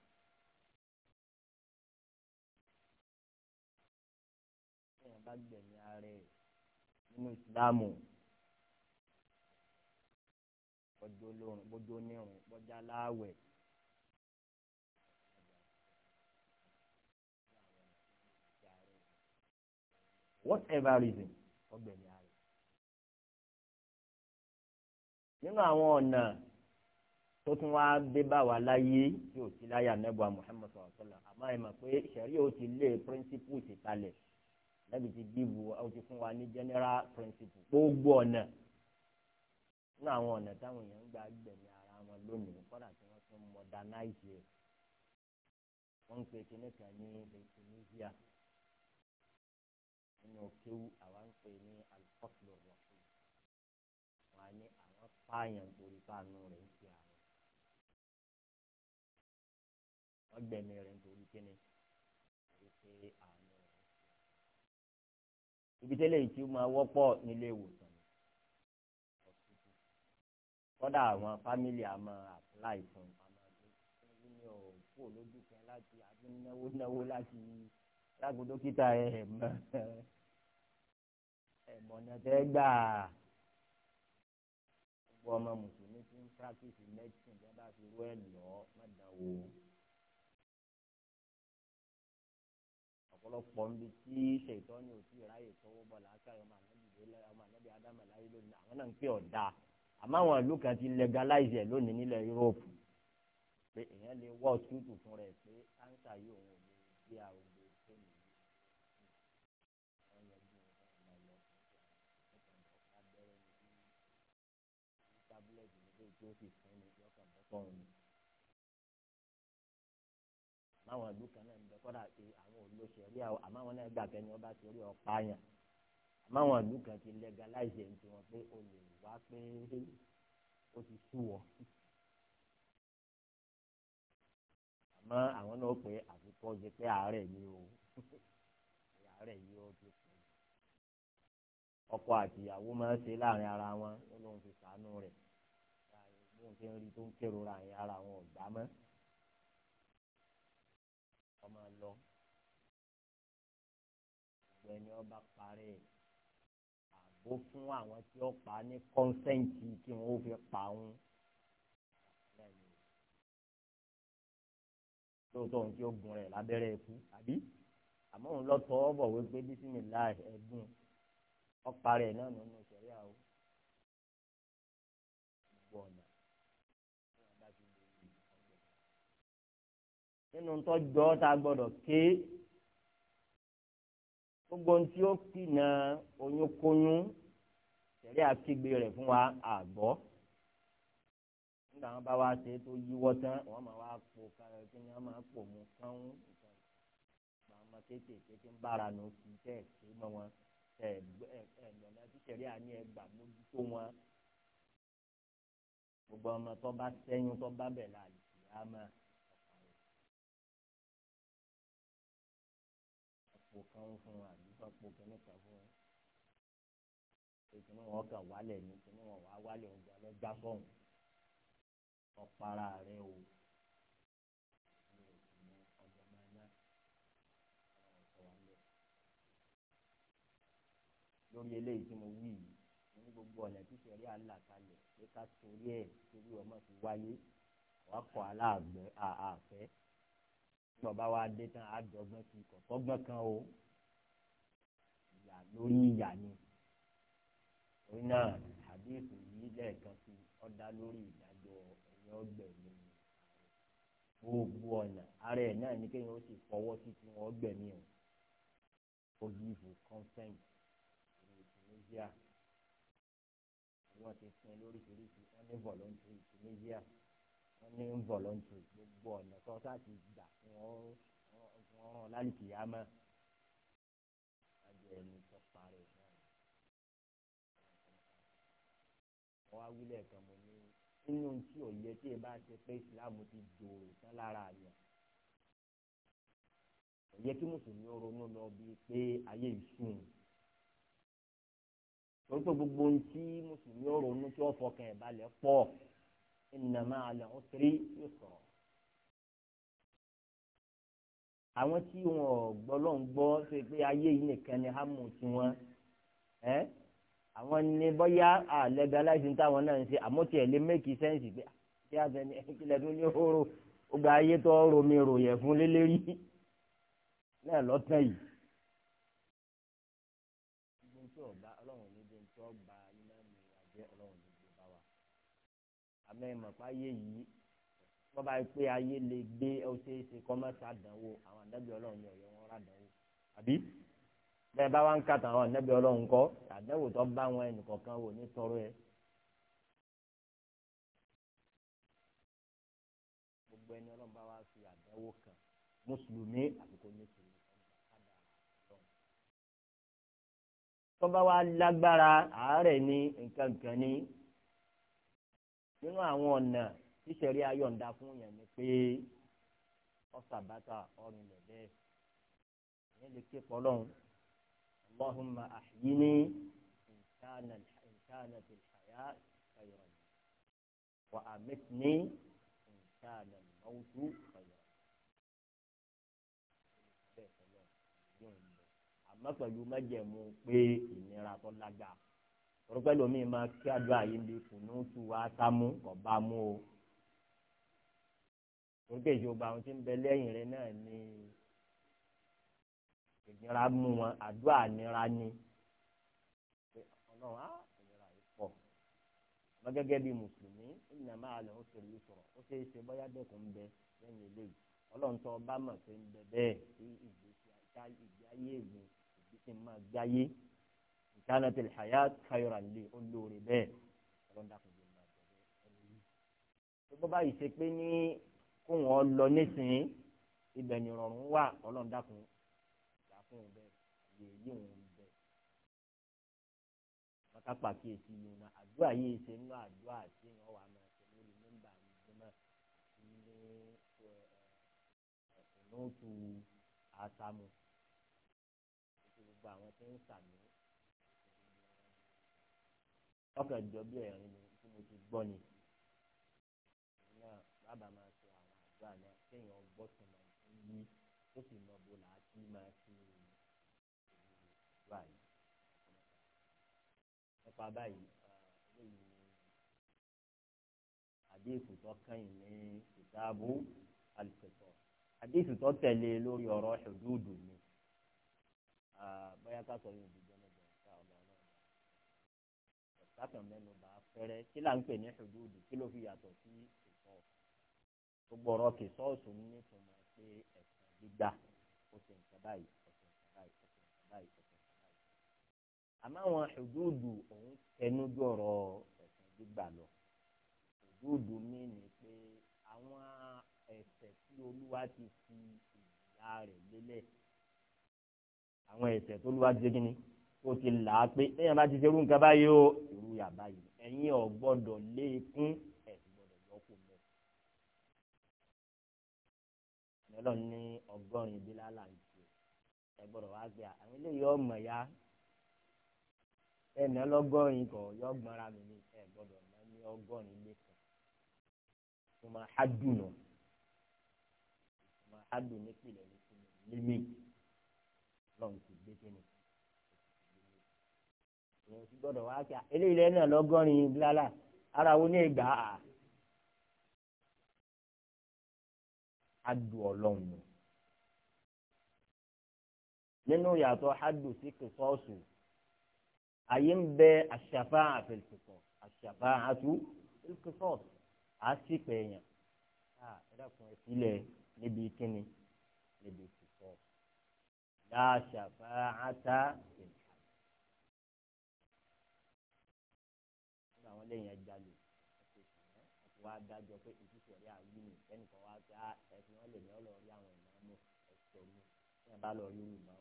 bá gbẹ̀mí ara ẹ̀ nínú ìsìlámù bójú olórin bójú onírun bójá láàwẹ̀. whatever reason ọgbẹ̀ni ààrẹ. nínú àwọn ọ̀nà tó tún wá dé bá wa láyé tí ò sí láyà nẹ́bùà Muhammad sallallahu alaihi wasallam àmọ́ ẹ mọ̀ pé ṣẹ̀rí ò ti lé principle ti kalẹ̀ lẹ́bi ti gbìbù ó ti fún wa ní general principle gbogbo ọ̀nà nínú àwọn ọ̀nà táwọn èèyàn ń gba gbẹ̀mí ara wọn lónìí kọ́dà tí wọ́n tún modernize ẹ̀ wọ́n ń pe kinní kan ní euthanasia nínú kéwù àwa ń pè ní alifọ́sùlù rọ̀fù wọn ní àwọn pààyàn torí fáànù rẹ̀ ń pè àwọn wọ́n gbẹ̀mí rẹ̀ nítorí kíni torí pé àánú rẹ̀ ń pè ibi tẹ́lẹ̀ yìí tí ó máa wọ́pọ̀ nílé ìwòsàn kọ́dà àwọn fámìlì àmọ́ apply fún àmọ́ ẹbí ní òkú olójú kan láti àbínáwó náwó láti lágbo dókítà ẹ̀ mọ́ ẹ̀mọ́nà tẹ́ gbà gbogbo ọmọ mùsùlùmí tí ń practice medicine tí wọ́n bá fi rú ẹ̀ lọ́ọ́ mọ̀dánwó. ọ̀pọ̀lọpọ̀ níbi tí ṣètọ́ ni òtí ìráyè tọwọ́ bọ̀ láàkà ọmọ ànábì ọmọ ànábì ádámà lónìí àwọn náà ń pè ọ̀dà àmọ́ àwọn ìlú kan ti legalize ẹ̀ lónìí nílẹ̀ Europe pé èèyàn lè wọ́ ọ̀tútù fún rẹ̀ pé áńsà yóò wọ̀ ní bí a ò lè mi. àwọn ìlú kan náà ń bẹ kọ́dà pé àwọn olóṣèlú àmọ́ àwọn náà gbàgbé ni wọ́n bá ṣe ọ̀pá yàn àmọ́ àwọn ìlú kan ti legalize ẹ̀ ń tiwọn pé o lè wá pé ó ti sú wọ. àmọ́ àwọn náà pé àfikọ́ jẹ pé àárẹ̀ ni o àárẹ̀ yìí ó ti pọ̀ ọkọ àtìyàwó máa ń ṣe láàrin ara wọn ó lóun fi sàánú rẹ̀ bóun ṣe ń rí tó ń kérora yẹn ara wọn ò gbá ọmọ lọ ìgbẹ́ni ọba parẹ́ ẹ̀ ó fún àwọn tí ó pa ní kọ́nsẹ́ǹtì tí wọ́n fi pa òun. lóòótọ́ ohun tí ó gun rẹ̀ lábẹ́rẹ́ ikú àbí àmọ́ òun lọ bọ̀ wípé bísímìlá ẹ̀gbọ́n ọ̀pá rẹ̀ náà nínú ìṣẹ̀rí àwọn nínú tó jọ tá a gbọ́dọ̀ ké gbogbo ntí ó kìnà oyúnkóyún tẹ̀lé àkígbe rẹ̀ fún wa àgbọ́ nígbà wọn bá wa ṣe tó yíwọ́ tán wọn máa wá po kára kí ni wọn máa pò mú kánú ìtàn ọmọ kéékèèké tí ń bára nù kí tẹ̀ ṣe mọ́ wọn ẹ̀ ẹ̀ lọ́nà tí tẹ̀lé àní ẹ̀ gbà mójútó wọn gbogbo ọmọ tó bá sẹ́yìn tó bá bẹ̀ láàyè àmọ́. wọn kàn wálẹ̀ ní kí wọn wá wálẹ̀ ọgbà lọ́jà sọ̀hún ọ̀pára rẹ o. lórí eléyìí tí mo wí yìí ní gbogbo ọ̀nà tí sẹ̀rí àlà kalẹ̀ pé ká torí ẹ̀ torí ọmọ ti wáyé àwa kọ̀ aláàgbẹ̀ àfẹ́ tí ọba wa dé tán àjọgbọ́n ti kọ̀tọ́gbọ́n kan o ìyà lórí ìyà ni torí náà àdéhùn yìí lẹ́ẹ̀kan sí ọ̀dá lórí ìdájọ́ ẹ̀yìn ọgbẹ̀mí gbogbo ọ̀nà ara ẹ̀ náà ní kéèyàn ó sì fọwọ́ sí tí wọ́n gbẹ̀mí o forgive consent ní Tunisia wọ́n ti pin lóríṣiríṣi wọ́n ní voluntary Tunisia wọ́n ní involuntary gbogbo ọ̀nà tó sáàtì gbà wọ́n wọ́n rán lálùkìyàmọ́ àjọ ẹni tó parí mo wá wílẹ̀ kan mo ní nínú tí ò yẹ tí ẹ bá ṣe pé ìsìláàmù ti dòrò tán lára yẹn ò yẹ kí mùsùlùmí ronú lọ bí pé ayé ìsùn torí pé gbogbo ohun tí mùsùlùmí ronú tí wọ́n fọkàn ẹ̀ balẹ̀ pọ̀ inna ma'al usri yusra àwọn tí wọn gbọ́ lọ́n gbọ́ ṣe pé ayé yìí nìkan ni hámù tiwọn ẹ́. Eh? àwọn ní bóyá àlẹ́gbẹ́ aláìsìn táwọn náà ń ṣe àmọ́tí ẹ̀ lè mẹ́kì sẹ́ǹsì pé kí á bẹni ìpìlẹ̀ tó ní horo gbogbo ayé tó romi ròyẹ̀ fún lélẹ́rí náà lọ́tàn yìí. gbogbo tí ayé yìí wọ́n pé ayé lè gbé ọ̀ṣẹ́ṣe kọ́mọ́sá dánwò àwọn àdájọ́ ọlọ́run ní ọ̀yọ́ wọn rà dánwò àbí bẹ́ẹ̀ bá wá ń kàtà àwọn ànábì ọlọ́run kọ́ àdẹ́wò tó bá wọn ẹnìkọ̀ọ̀kan wò ní tọrọ ẹ. gbogbo ẹni ọlọ́run bá wá fi àdẹ́wò kan mùsùlùmí àbíkó mùsùlùmí tó bá wá lágbára àárẹ̀ ní nǹkan kan ní nínú àwọn ọ̀nà tíṣẹ̀rí ayọ̀ǹda fún yẹn ni pé ọ̀sàbàtà ọ̀rìnlẹ̀ bẹ́ẹ̀ ìyẹn lè ké pọ̀ lọ́hùn اللهم أحيني إن كانت إن كانت الحياة خيرا وأمتني إن كان الموت خيرا àmọ́ pẹ̀lú mẹ́jẹ̀mú pé ìnira tó lága torípẹ́ lómi máa kí àdúrà yìí ń bi kùnú tù wá sámú kọ̀ bá mú o torípé ìjọba ohun tí ń bẹ lẹ́yìn rẹ náà ni ìnira mú wọn àdúrà nira ni ọlọ́run á ìnira yìí pọ̀ wọ́n gẹ́gẹ́ bí mùsùlùmí ìnira máa lọ ó ṣèlú sọ̀rọ̀ ó ṣe é ṣe bóyá dẹ́kun ń bẹ lẹ́yìn eléyìí ọlọ́run tó bá mọ̀ pé ń bẹ bẹ́ẹ̀ sí ìgbésí ayé mi ìgbésí máa gbáyé ìkànnàtì ìhàyà káyọ̀rọ̀ àlè ó lóore bẹ́ẹ̀ ọlọ́run dàkùn jẹ́ máa ẹni yìí. tó bọ́ báyìí ṣe pé ní kó wọn lọ nísìnyí ibẹ̀ nìrọ̀rùn wà ọlọ́run dàkùn fún bẹ́ẹ̀ àyè yìí ń rí bẹ́ẹ̀. wọ́n ká pàkíyèsí yìí náà àdúrà yìí ṣe ń lọ àdúrà tí wọ́n wà máa ṣe lórí mẹ́mbà mi ní àtàmù gbogbo àwọn tí ń sàmì bí ẹ̀rín ni tí mo ti gbọ́ ni bàbá máa ṣe àwọn àdúrà náà kéèyàn gbọ́ yí sì mọ bó làá ti máa ṣe. nípa báyìí àdéhùn tó kẹ́yìn ní ìdáàbò alùpùpù àdéhùn tó tẹ̀lé lórí ọ̀rọ̀ ṣòdúdù ni bóyá ká sọ yóò dìjọ́ lọ́jọ́ ìta ọ̀gá náà ọ̀sá kan mẹ́nu bá fẹ́rẹ́ kí là ń pè ní ṣòdúdù kí ló fi yàtọ̀ sí ìtọ́ gbogbo ọ̀rọ̀ kì sọ́ọ̀sì nítumọ̀ pé ẹ̀sìn gbígbà ó sì ń sọ báyìí ó sì ń sọ báyìí ó sì ń báyìí àmọ́ àwọn hududu òun tẹnu dọ̀rọ̀ ẹ̀sìn gbígbà lọ hududu mi ni pé àwọn ẹ̀ṣẹ̀ tí olúwa ti fi ìyá rẹ̀ lélẹ̀ àwọn ẹ̀ṣẹ̀ tó olúwa ti kíni tó ti là á pé lẹ́yìn bá ti ṣerú nǹkan báyìí o ìrú yàrá yìí ẹ̀yin ò lé ikún e ẹ̀sìn gbọ́dọ̀ yọ kó mọ́. ní ọgọ́rin bí lálàá ìṣe gbọ́dọ̀ wá gbé àwọn eléyìí ọmọ ẹ̀nà lọ́gọ́rin kan yọ gbọ́nra mi ní ẹ̀ na ná ní ọgọ́rin lẹ́kọ̀ọ́ mo máa ha dùn mo máa há dùn nípìnlẹ̀ nípìnlẹ̀ límì lọ́n ti gbé kí ni èèyàn ti wá kí a eléyìí náà ara wo ní ìgbà á adu ọlọ́run nínú yàtọ̀ hadu sí kìsọ́ọ̀sù. àyè ń bẹ àṣàfà àfẹlẹsọsọ àṣàfà àtú ìkẹsọ àṣìpẹ èèyàn ká ẹdàkùn ẹsílẹ níbi kíni níbi ìkẹsọ láṣàfà àtà ìlú. nígbà wọn lẹ́yìn ẹja lò àti wàá dájọ́ pé ìtúsọ rí àwọn yìí ẹnìkan wàá gbá wọn lè ní ọlọrí àwọn ìmọ̀ ọmọ ẹsẹ̀ mi ní ẹ̀bá lọ rí ìmọ̀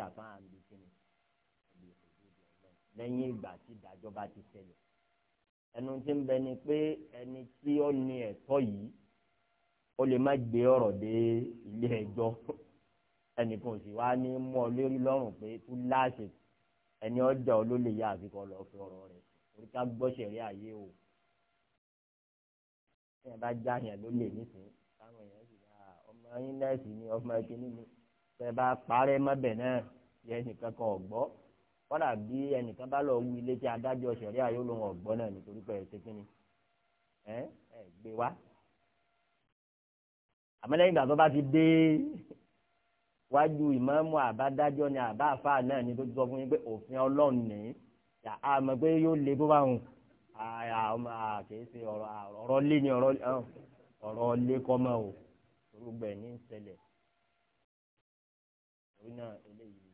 ṣàfà àbí kíni lẹ́yìn ìgbà tí ìdájọ́ bá ti ṣẹlẹ̀ ẹnu tí ń bẹ ni pé ẹni tí ó ní ẹ̀tọ́ yìí ó lè má gbé ọ̀rọ̀ dé ilé ẹjọ́ ẹnìkan sì wá ní mú ọ lórí lọ́rùn pé tú láàṣẹ ẹni ọjà ó ló lè yá àfikọ́ lọ fi ọ̀rọ̀ rẹ̀ orí ká gbọ́sẹ̀ rí àyè o ẹ̀yìn bá já yẹn ló lè nísìnyí táwọn èèyàn sì yá ọmọ yín náà sì ni ọmọ ẹgbẹ́ nínú tẹ́ bá parẹ́ mọ́bẹ̀ náà yẹ ẹnìkan kan ọ̀gbọ́ kọ́dà bí ẹnìkan bá lọ wú ilé tí adájọ́ ṣẹ̀ríà yóò lóun ọ̀gbọ́ náà nítorí pé ẹ̀ ṣe kí ni ẹ ẹ gbé wá àmọ́lẹ́yìn ìgbà tó bá ti dé wájú ìmáàmù àbádájọ́ ni àbá àfa náà ni tó ti sọ fún yín pé òfin ọlọ́run ní yà a mọ̀ pé yóò le bó bá wọn kìí ṣe ọ̀rọ̀ lé ní ọ̀rọ̀ lé kọ́ mọ́ o gbogbo ẹ̀ ní ìṣẹ̀lẹ̀ torí náà eléyìí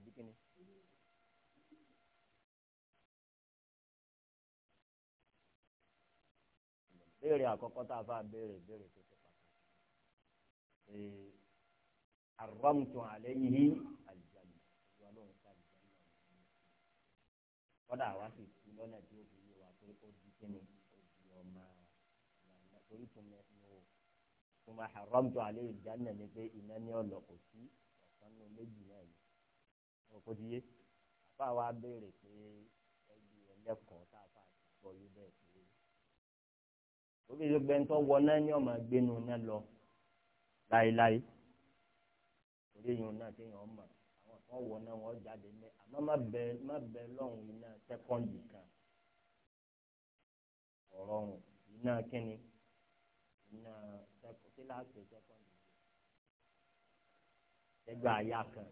àbí kíni. béèrè àkọ́kọ́ tá a fà béèrè béèrè tó ṣe pàtàkì ṣe àrọ́mùtún àlẹ́ yìí àlìjáde ìwà lóhùn ká àlìjáde kọ́dà wá sí ti lọ́nà tí ó fi yé wa pé ó di kíni ó di ọmọ ìlànà torí tó mẹ o tó máa àrọ́mùtún àlẹ́ ìjáde ní pé iná ní ọ̀lọ́ kò sí ọ̀sán ní méjì náà yìí kò ti yé àfa wa béèrè pé ẹbí ẹlẹ́kọ̀ọ́ tá a fà gbọ́ yí bẹ́ẹ̀ pé òbí yìí gbẹ́ ń tọ́ wọ náà ní ọmọ gbénu náà lọ láéláé torí yìí náà kéèyàn mọ̀ àwọn kan wọ náà wọ́n jáde ní àmọ́ má bẹ má bẹ lọ́hùn iná sẹ́kọ́ǹdì kan ọ̀rọ̀ ọ̀hún iná kínní iná sẹ́kọ́ǹdì kí láti sẹ́kọ́ǹdì ẹgbẹ́ àyà kan.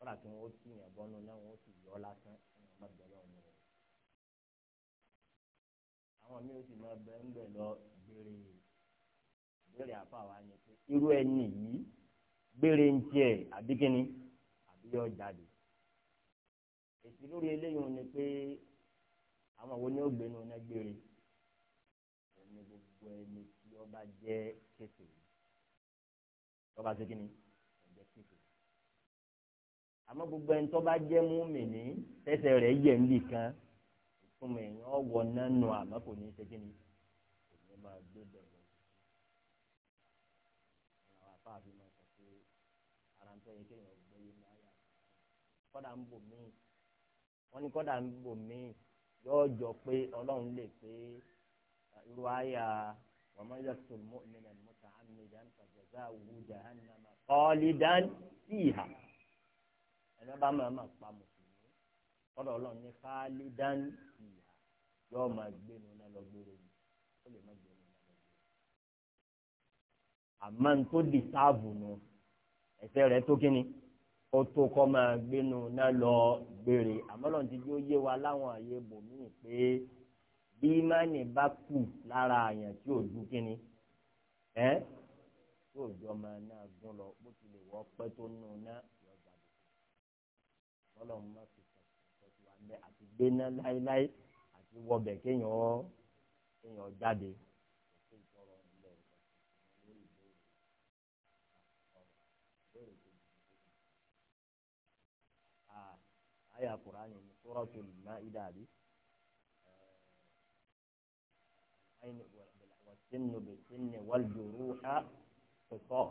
kọ́ra kí wọ́n ti yàn bọ́nu náà wọ́n sì yọ ọ́ lásán ní ọmọ ìgbẹ́ náà mú un. àwọn míì ó sì máa bẹ ń bẹ̀ lọ gbére gbére àfàwà ni pé irú ẹni yìí gbére ń tiẹ̀ àbí kíni àbí yọ jáde. èsì lórí eléyìí ni pé àwọn wo ni ó gbé nu ní gbére òun ni gbogbo ẹni tí ọba jẹ́ kékeré ọba ṣe kíni àmọ́ gbogbo ẹni tó bá jẹ́ mùmínì tẹ́sẹ̀ rẹ̀ yẹ̀ ń bì fún mi ọ wọ nánu àmọ́ kò ní í ṣe kí kọ́dà ń bò míì wọ́n ní kọ́dà ń bò míì yóò jọ pé ọlọ́run lè pé irú àyà wa man yaqtul mu'minan muta'ammidan fajazaa'uhu jahannama khalidan fiha ẹni bá máa máa pa mùsùlùmí ọ̀dọ̀ ọlọ́run ní fáálí dání ìyá yóò máa gbé nu náà lọ gbére ni ó lè má gbé nu náà lọ gbére. àmọ́ n tó di sáàbù nu ẹsẹ̀ rẹ̀ tó kíni ó tó kọ́ máa gbé nu náà lọ gbére àmọ́ lọ́n ti jó yé wa láwọn àyè bòmíì pé bí mánì bá kù lára àyàn tí ò dún kíni ẹ́ tí ò máa náà gún lọ bó tilẹ̀ wọ́ pẹ́ tó nù náà ọlọ́run má fi tọ̀tù wà ní àti gbéná láéláé àti wọbẹ̀ kéèyàn kéèyàn jáde. aya Qur'ani ni suratul Ma'idah bi ayin wa sinnu bi sinni wal juruha qisas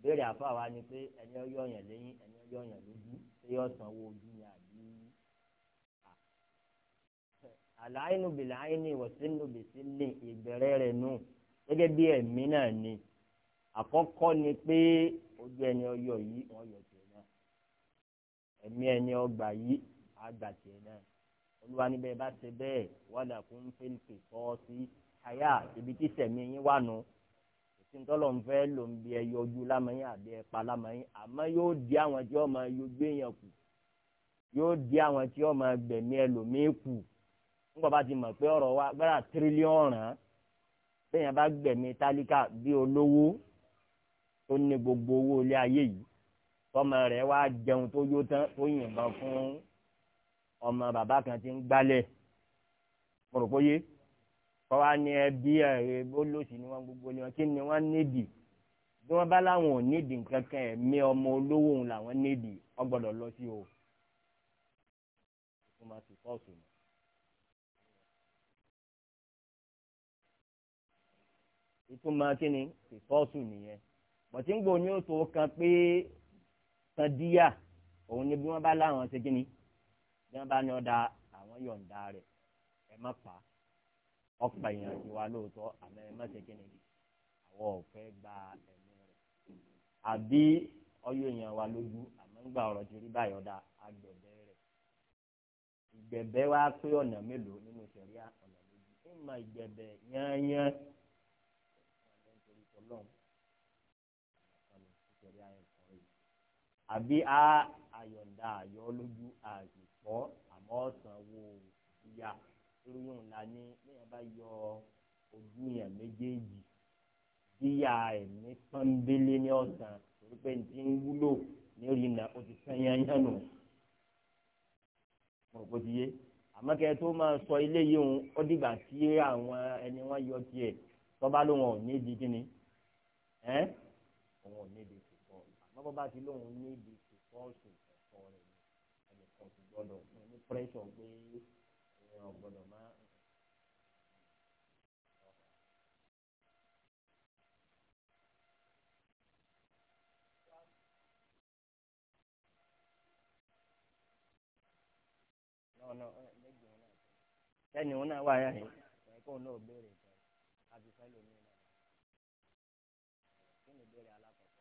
béèrè àfa wa ni pé ẹni ọyọ yàn lẹ́yìn ẹni ọyọ yàn lójú ṣé yọ san owó ojú ni àbí àlàáyínú bìláyínú ìwọ̀sínú bìsílẹ̀ ìbẹ̀rẹ̀ rẹ̀ nù gẹ́gẹ́ bí ẹ̀mí náà ni àkọ́kọ́ ni pé ojú ẹni ọyọ yìí wọ́n yọ tiẹ̀ náà ẹ̀mí ẹni ọgbà yìí àgbà tiẹ̀ náà olúwa níbẹ̀ bá ṣe bẹ́ẹ̀ wọ́n dà kún fílípì sọ́ọ́ sí àyà ibi tí sẹ̀mí yín wà nù sí tọ́lọ̀ ń fẹ́ ló ń bi ẹ yọjú lámọ́yìn àbí ẹ pa lámọ́yìn àmọ́ yóò di àwọn tí ọmọ yọgbé yẹn kù yóò di àwọn tí ọmọ gbẹ̀mí ẹlòmíì kù nígbà bá ti mọ̀ pé ọ̀rọ̀ wa gbára tírílíọ̀nù rán bẹ́ẹ̀ bá gbẹ̀mí tálíkà bí olówó tó ní gbogbo owó ilé ayé yìí tọ́mọ rẹ̀ wá jẹun tó yó tán tó yìnbọn fún ọmọ bàbá kan tí ń gbálẹ̀ mo rò pé yé kọ́ wa ní ẹbí ẹ̀ olóṣì ni wọ́n gbogbo ni wọ́n kí ni wọ́n nídi bí wọ́n bá láwọn ò nídi nǹkan kan ẹ̀mí ọmọ olówó òun làwọn nídi wọ́n lọ sí o. ìtumọ̀ kí ni ìfọ́sù nìyẹn bọ̀tí ń gbò ní oṣù kan pé san díyà òun ni bí wọ́n bá láwọn ṣe kí ni bí wọ́n bá ní ọ̀dà àwọn yọ̀ǹda rẹ̀ ẹ má pa á ọ̀pọ̀ èèyàn ti wá lóòótọ́ àmọ́ ẹ má ṣe kí ni àwọn ọ̀fẹ́ gba ẹ̀mí rẹ̀ àbí ọyọ èèyàn wa lójú àmọ́ ń gba ọ̀rọ̀ ti rí báyọ̀ dá agbẹ̀bẹ̀ rẹ̀ ìgbẹ̀bẹ̀ wa pé ọ̀nà mélòó nínú ìṣẹ̀rí ọ̀nà méjì ìmọ̀ ìgbẹ̀bẹ̀ yányán àbí a àyọ̀ǹda àyọ̀ lójú àyè fọ́ àmọ́ ọ̀sán wo ìyá irú yóò la ní bá yọ ojú yẹn méjèèjì díyà ẹ̀mí pọ́nbélé ní ọ̀sán torí pé ti ń wúlò ní rìnnà o ti sàn yányán nù. mo kò ti yé àmọ́ kẹ́ ẹ tó máa sọ ilé yìí ń ó dìgbà tí àwọn ẹni wọ́n yọ tiẹ̀ tọ́ba ló wọn ò ní di kíni ẹ́ òun ò ní di sùpọ̀ àmọ́ bọ́ bá ti lóun ní di sùpọ̀ sùn ẹ̀kọ́ rẹ̀ ẹnìkan ti gbọ́dọ̀ ní pẹ́sọ̀ pé ẹ̀yàn gbọ́dọ̀ máa. ọ̀nà ẹ̀ẹ́dẹ́gbẹ̀rún náà sẹ́ni òun náà wà yá yìí ẹ̀kọ́ òun náà béèrè ìtọ́ àti fẹ́lẹ̀ mi náà kí ni ìbéèrè alákọ̀ọ́kọ́.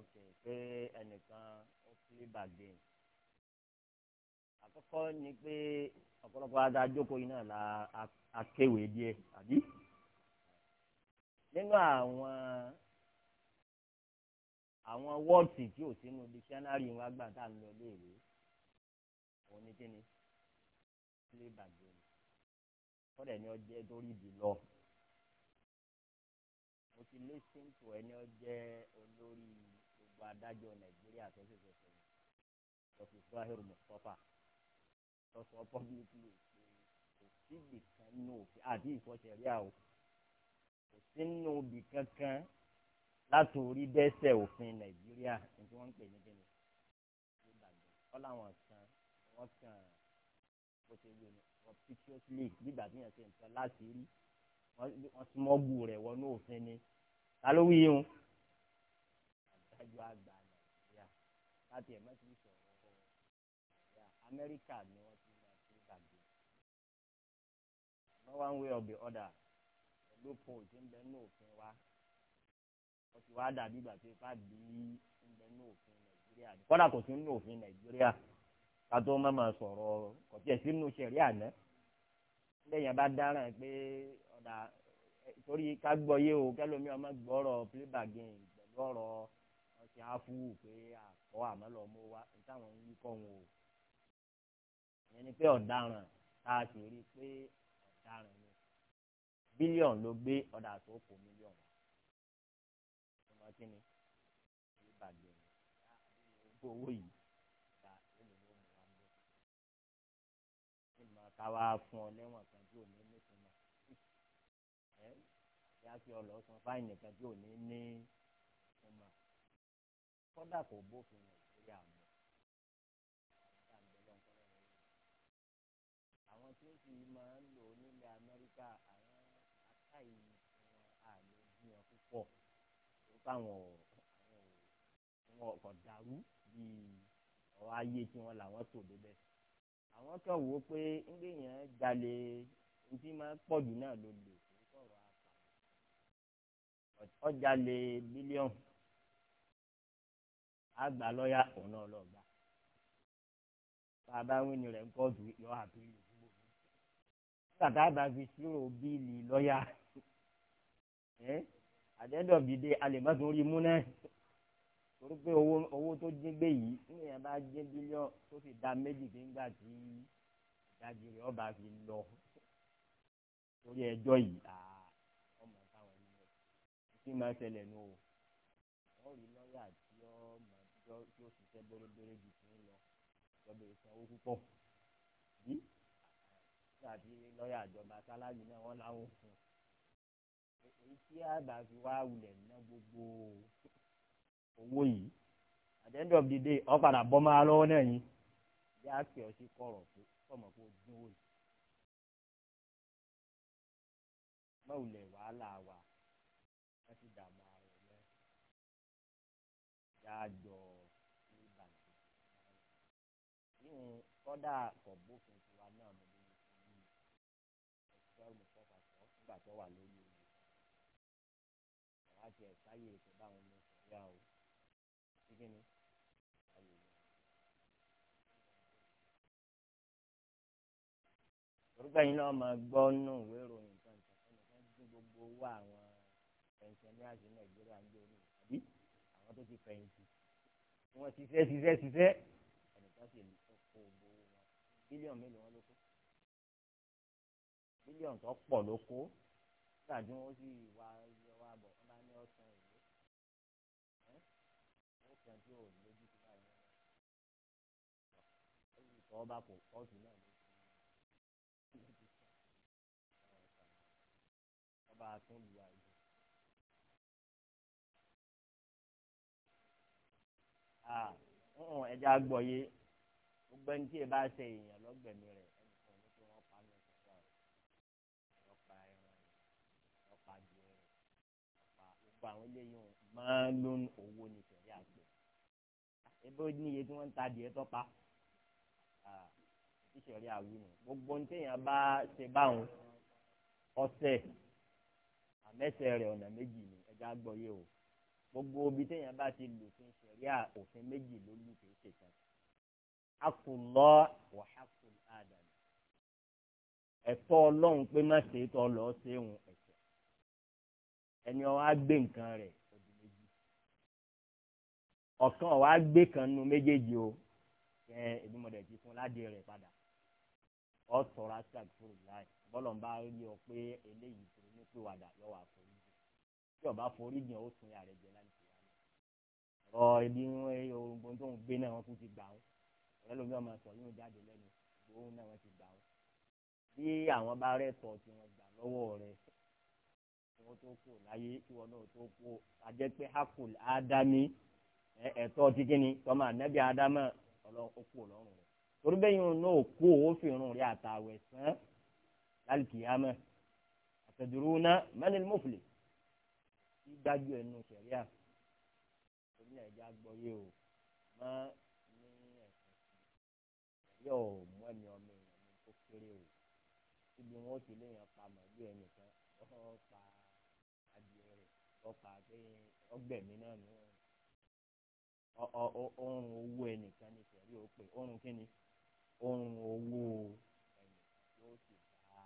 ok pé ẹnìkan ó fi bàgbé àkọ́kọ́ ni pé ọ̀pọ̀lọpọ̀ adájókòó yìí náà la akéwèé díẹ̀ àbí nínú àwọn àwọn wọ́ọ̀tì tí ò sínú dictionary wọn gbà tá à ń lọ léèwé òun ni kíni play by game kọ́dẹ̀ ni ọjẹ́ torí ìdí lọ mo ti listen to ẹni ọjẹ́ olórí gbogbo adájọ́ nàìjíríà tó ṣẹ̀ṣẹ̀ sọ̀rọ̀ lọ́sùn ibrahim mustapha lọ́sùn publicly kò síbi kan nínú òfin àti ìfọ̀sẹ̀ríà o kò sínú ibì kankan láti orí dẹ́sẹ̀ òfin nàìjíríà tí wọ́n ń pè ní kíni wọ́n làwọn kan wọ́n kàn bó ṣe wù ní obsequiously nígbà tí yẹn ṣe nǹkan láti rí wọ́n smọ́gù rẹ̀ wọnú òfin ni ta ló wí yín adájọ́ àgbà nàìjíríà láti ẹ̀mọ́ ti sọ̀rọ̀ nàìjíríà amẹ́ríkà ni wọ́n ti máa ṣe gbàgbé no one way or the other lópin òjò ń bẹ ní òfin wa ó ti wá dàbí ìgbà tó ipá bí ilẹ̀ ní òfin nàìjíríà kọ́dà kò sí nínú òfin nàìjíríà ká tó má máa sọ̀rọ̀ kò tiẹ̀ sí nínú sẹ̀rí àná lẹ́yìn bá dáràn pé ọ̀dà torí ká gbọ́ yé o kẹ́lómi ọmọ gbọ́rọ̀ playback game pẹ̀lú ọ̀rọ̀ ọ̀sẹ̀ áfú pé àkọ́ àmọ́ lọ mú wa táwọn ń yíkọ́ wọn o ìyẹn ni pé ọ̀daràn tá a sì rí i pé ọ̀daràn ni bílíọ̀nù ló gbé ọ̀dà tó kù mílíọ̀nù kí ni yóò bàjẹ́ gbogbo owó yìí ta nínú ló mú wa lọ. ìmọ̀ káwa fún ọ lẹ́wọ̀n kan tí ò ní nítumọ̀ ẹ́ ìyá fi ọ lọ san fáìnì kan tí ò ní ní ìtumọ̀ kò bófin Nàìjíríà mọ́. fáwọn wọn kò dàrú bíi ọ̀rọ̀ ayé tí wọ́n làwọn tò débẹ̀ àwọn kan wò ó pé ńgbé yẹn jalè ntí máa pọ̀ jù náà ló lè kó sọ̀rọ̀ àpà ọ̀jalè bílíọ̀nù àgbà lọ́yà òun náà lọ́ọ́ gbà bàbá wíni rẹ̀ ń kọ́ọ̀tù yọ àbílù gbogbo nígbà tá bá fi ṣírò bíìlì lọ́yà àdẹ́dọ̀ bìde alẹ́mọ́tún rí mú náà torí pé owó owó tó jí gbé yìí níyẹn bá jẹ́ bílíọ̀n tó fi da méjì fi ń gbà tí ìdajì rẹ̀ ọba fi lọ torí ẹjọ́ yìí ọmọ táwọn ẹni rẹ̀ kí máa ṣẹlẹ̀ nù o wọ́n rí lọ́ọ̀yà tí ọmọ tí ó ṣiṣẹ́ bẹ́rẹ́bẹ́rẹ́ jù fún lọ ìjọba ìsanwó púpọ̀ yìí nígbà tí lọ́ọ̀yà ìjọba sáláàjì náà wọ́n láwọn fún un. èyí tí àgbà fi wá wulẹ̀ ná gbogbo owó yìí at the end of the day ọ̀padà bọ́ máa lọ́wọ́ náà yín bí a pè ọ́ sí kọ̀rọ̀ pé sọ̀mọ̀ kó dínwó yìí. wàhálà wa wọ́n ti dààmú ara ẹ̀ lẹ́ dájọ́ ní ìbàdàn. kọ́dà tiwa náà mo ní ayé ètò báwọn ọmọ ìṣẹ̀yà o ṣé kí ni ayé ìlú. orúkọ yìí náà máa gbọ́ nù ìwé ìròyìn kan ìtàkùn kan dín gbogbo owó àwọn pẹ̀nsẹ̀míàs nàìjíríà ń gbèrú àbí àwọn tó ti fẹ̀yìntì tí wọ́n ṣiṣẹ́ ṣiṣẹ́ ṣiṣẹ́ ẹnìkan sì kó owó wọn bílíọ̀nù mélòó wọn ló kó bílíọ̀nù tó pọ̀ ló kó nígbà tí wọ́n sì wá ọba kò kóòtù náà ló ti ọba àtúndùwà yìí. ọ̀hún ẹja gbọ́ yé gbogbo ẹni tí ẹ bá ṣe èèyàn lọ́gbẹ̀mí rẹ̀ ẹni kan ní kí wọ́n pa ní ọ̀sán rẹ̀ ọ̀pá ẹran ọ̀pá jẹ ọ̀pá gbogbo àwọn eléyìí máa ń lóun owó ní tẹ̀lé àgbẹ̀. ebe ó ní iye tí wọ́n ń ta adìẹ tó ìṣẹ̀rí àwìnú gbogbo ní bá ṣe báwọn àmẹ́sẹ̀ rẹ̀ ọ̀nà méjì ni gbọ́yé o gbogbo ibi téèyàn bá ti lò fún ìṣẹ̀rí òfin wà ẹ̀tọ́ Ọlọ́run pé má ṣe é lọ ṣe é ẹni ọ wá gbé nǹkan ẹ ẹbí mọ̀dẹ̀ ti fún ládìẹ rẹ̀ padà ọ sọ̀rọ̀ hashtag fún ìláì bọ́lọ̀ ń bá rí ọ pé eléyìí tó ní pé wàdà yọ wà forí jù tí ọba forí jù ó sun ààrẹ jẹ láti ṣèyá ni ọ̀rọ̀ ẹbí ogun tó ń gbé náà wọn tún ti gbà ó ọ̀rẹ́ lómi ọmọ sọ yóò jáde lẹ́nu ìgbóhùn náà wọn ti gbà ó bí àwọn bá rẹ̀ tọ̀ tí wọ́n gbà lọ́wọ́ rẹ̀ wọn tó kú láyé kí wọn náà tó kú àjẹpẹ́ hakul ádámì ẹ̀tọ́ ti kíni tọ́mọ ọlọ́run ó kú ọlọ́run rẹ̀ torí bẹ́ẹ̀ yìí náà kú ó fi irun rẹ̀ àtàwẹ̀ sàn lálùkìyàmẹ́ àtẹ̀dúró náà mẹ́lẹ̀ mọ́fìlì tí dájú ẹnu sẹ̀ríà torí náà ẹja gbọ́yé o má ní ẹ̀sìn sẹ̀ríà ò mú ẹ̀mí ọmọ èèyàn ní kó kéré o síbi wọn ó ti léèyàn pa màálù ẹnìkan wọ́n pa adìẹ rẹ̀ wọ́n pa ọgbẹ̀mí náà ní ọ̀run owó ẹnìkan ní ó pè orun kíni orun owó ẹ̀yìn yóò sì bá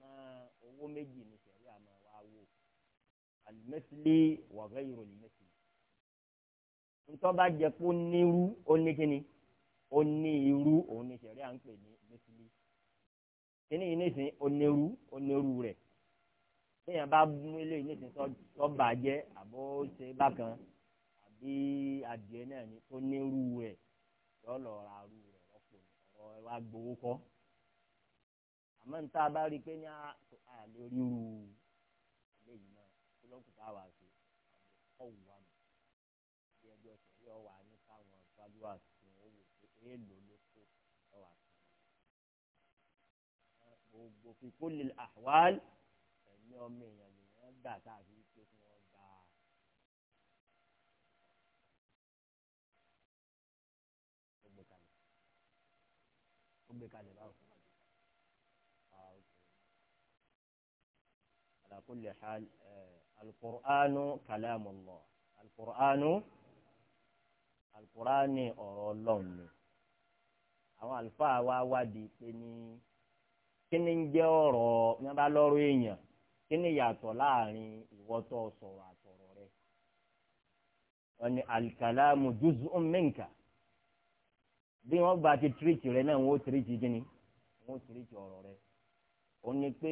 ran owó méjì ní sẹ̀rí àmọ́ wa wò alimẹ́sílẹ̀ wàgẹ́ ìròyìn mẹ́sílẹ̀ ntọ́ bá jẹ kó nírú ó ní kíni ó ní irú òun ní sẹ̀rí à ń pè ní mẹ́sílẹ̀ kíní yìí nísìnyí ó nírú ó nírú rẹ̀ téèyàn bá mú ilé nísìnyí tọ́ bàjẹ́ àbó ṣe bákan tí adìẹ náà ní tó nírú rẹ̀ yọ lọ ra rú rẹ̀ rọ́pò ọ̀rọ̀ ẹ wá gbowó kọ́ àmọ́ níta bá rí i pé ní àlè ríru eléyìí náà kí ló kù tá a wà sí ọ̀wù wa mọ̀ bí ẹgbẹ́ ọ̀sẹ̀ yóò wà ní káwọn ìtọ́jú àti owó pé èèlò ló kó ẹ wà sí. gbogbo fi kulli al ahwal ẹ̀mí ọmọ èèyàn lè wọ́n gbà káàkiri. gbé kalẹ̀ báwo. Ah, ala kulli hal eh, alukur'anu kalamullah alukur'anu alukur'ani ọ̀rọ̀ Ọlọ́run ni àwọn àlùfáà wa wádìí pé ní kíni ń jẹ́ ọ̀rọ̀ ní wọ́n èèyàn kíni yàtọ̀ láàrin ìwọ́tọ̀ sọ̀rọ̀ àtọ̀rọ̀ rẹ̀ wọ́n ní alikalamu juz'un minka bí wọ́n bá ti tírìtì rẹ náà wọ́n ó tírìtì gíní wọ́n ó tírìtì ọ̀rọ̀ rẹ ó ní pé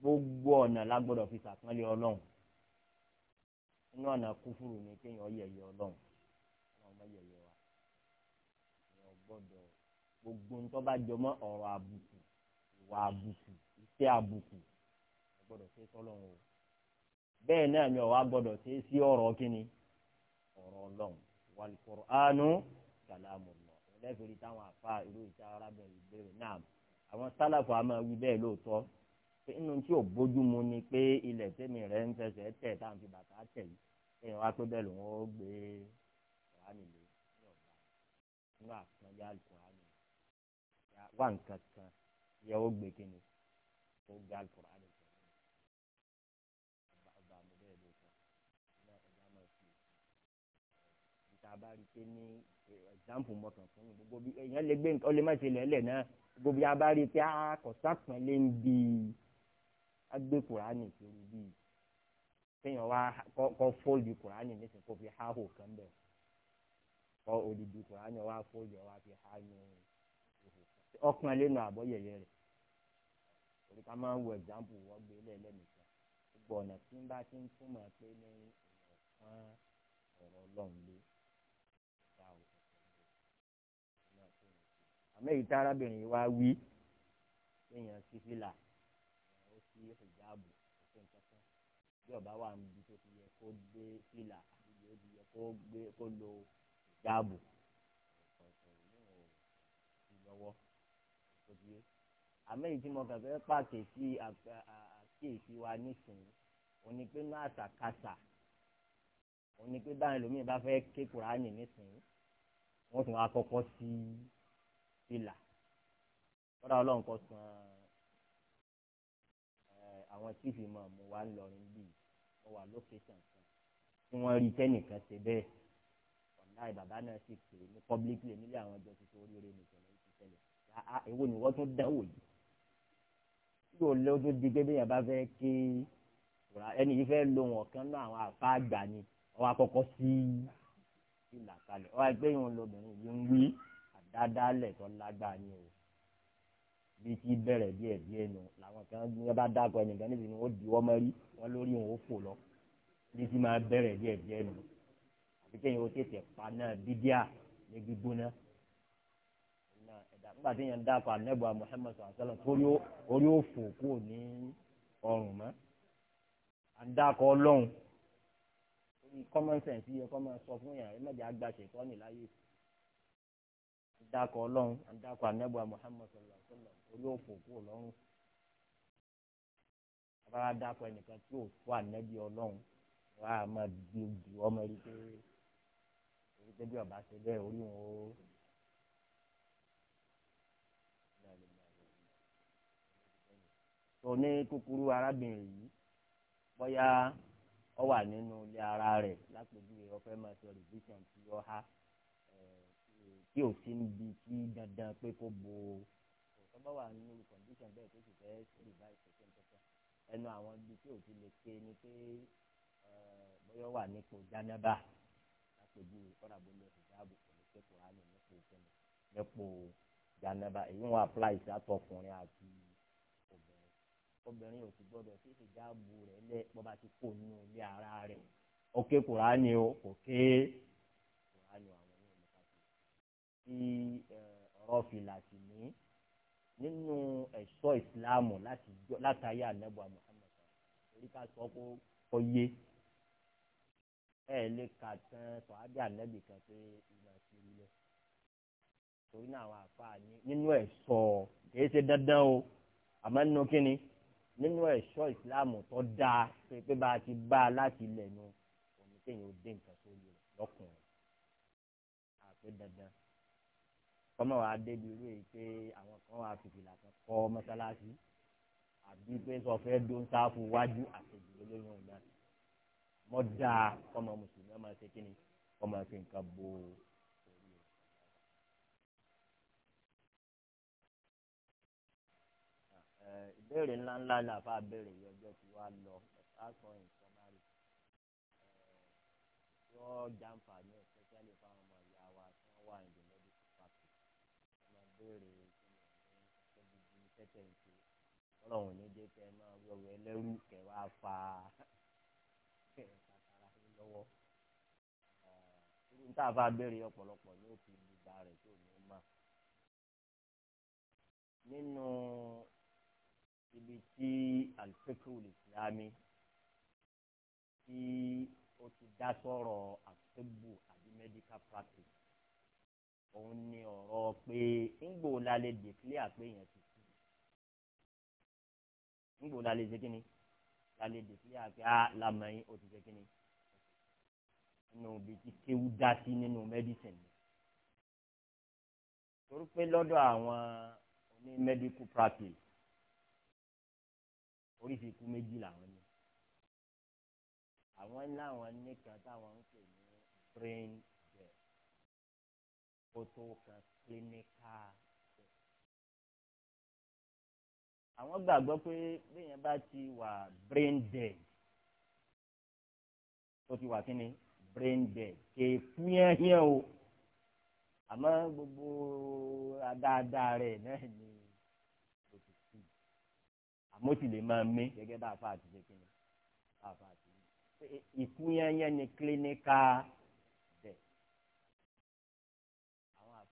gbogbo ọ̀nà la gbọ́dọ̀ fi sàpọ́nlé ọlọ́run inú ọ̀nà kúfùrù ni kéèyàn yẹ̀yẹ́ ọlọ́run ọlọ́run bá yẹ̀yẹ́ wa èèyàn gbọ́dọ̀ gbogbo ńtọ́ bá jọmọ́ ọ̀rọ̀ àbùkù ìwà àbùkù iṣẹ́ àbùkù ẹ ṣe sọ́lọ́run o bẹ́ẹ̀ náà ni ọ̀wá gbọ́dọ̀ ṣe sí ọ̀rọ̀ kíni ọ̀rọ̀ ọlọ́run wal Qur'anu kàlámù lọ lẹ́fìrí táwọn àfa irú ìta arábìnrin ìbéèrè náà àwọn sálàfù a máa wí bẹ́ẹ̀ lóòótọ́ pé inú tí ò bójú mu ni pé ilẹ̀ tẹ́mi rẹ̀ ń fẹsẹ̀ tẹ̀ táwọn fi bàtà tẹ̀ yìí èèyàn wá pé bẹ́ẹ̀ lòun ó gbé ọ̀hán nílé nínú àpọ́nlé alukóra ni wà nǹkan kan yẹ ó gbé kíni ó gbé alukóra ni. tá a bá rí pé ní example mọ̀kàn fún mi gbogbo bí èèyàn lè gbé nǹkan ó lè má ṣe lẹ́lẹ̀ náà gbogbo bí a bá rí i pé a ah, kò sápọn lé ń bi agbé kùránì torí bí kéèyàn wá kọ́ fóòlù kùránì nísìnyí kó fi háhò kan bẹ̀ kọ́ òdìdí kùránì wá fóòlù wá fi há ní ọkàn lẹ́nu àbọ̀yẹ̀yẹ rẹ̀ torí ká máa ń wo example wọ́n gbé lẹ́lẹ́nìkan gbogbo ọ̀nà tí ń bá ti ń túmọ̀ pé ní ọ̀rọ̀ ọlọ́run lé. mẹ́yìí tá arábìnrin wa wí èèyàn sí fìlà ó sí hijabu òfin kankan bí wa wà níbi tó ti yẹ kó gbé fìlà àbíbi ó ti yẹ kó gbé kó lo hijabu lọ́wọ́ tó ti yé àmọ́ èyí tí mo kàn fẹ́ pàṣẹ sí àkíyèsí wa nísìnyí òní pé náà àṣàkáṣà òní báyìí lómi bá fẹ́ ké kùránì nísìnyí wọ́n tún wá kọ́kọ́ sí i ìlà kọ́dà ọlọ́run kọ́ san eh, àwọn tíìfì mọ̀ mo wá ń lọrin bíi mo wà lókè tàn kan tí wọ́n rí tẹ́nìkan ṣe bẹ́ẹ̀ ọ̀nà ìbàbá náà sì pè ní publicly nílé àwọn ọjọ́ tuntun oríire nìkan ló ti ṣẹlẹ̀ ah, ah, èwo ni wọ́n tún dánwò yìí tí o lé o tún di gbẹ́gbẹ́ yẹn bá fẹ́ kí ẹni yìí fẹ́ lo wọn kan náà àwọn àfa àgbà ni ọwọ́ àkọ́kọ́ sí ìlà kalẹ̀ ọwọ́ àgbẹ̀yìn lobìnrin yìí ń wí dáadáa lẹ̀ tó lágbàá ni o bí ti bẹ̀rẹ̀ díẹ̀ díẹ̀ nù làwọn kan ní ẹ bá dákọ ẹnìkan níbi ni wọ́n di wọ́n mọ́rí wọ́n lórí wọn ó fò lọ bí ti máa bẹ̀rẹ̀ díẹ̀ díẹ̀ nù àti kéèyàn ó tètè pa náà bídíà ní gbígbóná nígbà tí yẹn dákọ anẹ́bùa Muhammad sọ̀rọ̀ torí orí ó fò kúrò ní ọrùn mọ́ àdákọ ọlọ́run common sense yẹ kọ́ máa sọ fún yàrá ẹ mẹ́jẹ̀ àgbà ṣètọ́nì láyé sí àdàkọ Ọlọ́run àdàkọ anábọ Muhammad sallallahu alaihi wasallam orí òfò kú Ọlọ́run abára dàkọ ẹnìkan tí ò tó ànábì Ọlọ́run wà á máa di ojú ọmọ yìí pé orí tẹbi ọba ṣe bẹ́ẹ̀ orí wọn ó. tó kúkúrú arábìnrin yìí bóyá ó wà nínú ilé ara rẹ̀ lápèjúwe ó máa sọ rìbíṣàn tí ó há tí ò sí níbi tí dandan pé kó bo nǹkan bá wà nínú condition bẹ́ẹ̀ tó sì fẹ́ sílè báyìí tó ṣe ń tọ́tọ́ ẹnu àwọn ibi tí ò ti lè ké ni pé eh, bóyá wà nípò jánábà lápèjú kọ́dà bó lọ ìdáàbò kò ní pé kùránì nípò kẹ́mi nípò jánábà èyí wọn apply sí àtọkùnrin àti obìnrin obìnrin ò sì gbọdọ̀ sí ìdáàbò rẹ̀ lẹ́ bọ́ bá ti kó nínú ilé ara rẹ̀ ó ké kùránì o kò ké. Okay, sí ọ̀rọ̀ fìlàsì ní nínú ẹ̀ṣọ́ ìsìláàmù látàrí ànábì Muhammad torí ká sọ pé ó yé ẹ lè kà tán sọ̀hábí ànábì kan pé ìmọ̀ ìṣèlú lẹ̀ torí náà àwọn àfáà ní nínú ẹ̀ṣọ́ kìí ṣe dandan o àmọ́ nínú kínni nínú ẹ̀ṣọ́ ìsìláàmù tó dáa pé pé bá a ti bá a láti ilẹ̀ nu òun kéèyàn ó dé nǹkan tó lè lọ́kùnrin àpé dandan kọ́mọ wa débi irú èyí pé àwọn kan wà fìfìlà kan kọ́ mọ́sálásí àbí pé sọ fẹ́ dó ń sáfù wájú àtẹ̀jù olóyún ọ̀gá mọ́ dáa kọ́mọ mùsùlùmí ọmọ ṣe kíni kọ́mọ fi nǹkan bo orí rẹ̀. ìbéèrè ńláńlá ni àfa béèrè yìí ọjọ́ tí wàá lọ ẹ̀ka sọ ìsọmárì yọ jàǹfà náà. béèrè ìṣẹ́bíbi tẹ́tẹ̀ ìṣe ọlọ́run ní jẹ́ kẹ́ ẹ máa wẹ̀wẹ̀ ẹlẹ́rú kẹ́ wá fa kẹ́ ẹ kàkàrà yín lọ́wọ́ ní táà bá béèrè ọ̀pọ̀lọpọ̀ ní òfin ìgbà rẹ̀ tó ní mà nínú ibi tí alifekul islami tí ó ti dá sọ̀rọ̀ àtẹ́bù àbí medical practice lọ́wọ́ pé ńgbò la lè dèkílé àpéyàn ti kú ńgbò la lè ṣe kí ni la lè dèkílé àpéyà ah, lamẹ́yìn ó ti ṣe kí ni nínú ibi tí kéwú dá sí nínú mẹ́dísìn torí pé lọ́dọ̀ àwọn oní medical practice oríṣi ikú méjì làwọn ní àwọn láwọn nìkan táwọn ń pè ní brain death kó kan clinical test. àwọn gbàgbọ́ pé béèyàn bá ti wà brain dead tó ti wà kíni brain dead kè fúnyẹ́híẹ́ o àmọ́ gbogbo adáadáa rẹ̀ náà ni o ti kú àmọ́ ti lè máa mí gẹ́gẹ́ bá a fa àtijọ́ kíni bá a fa àtijọ́ ìfúnyẹ́híẹ́ ni clinical.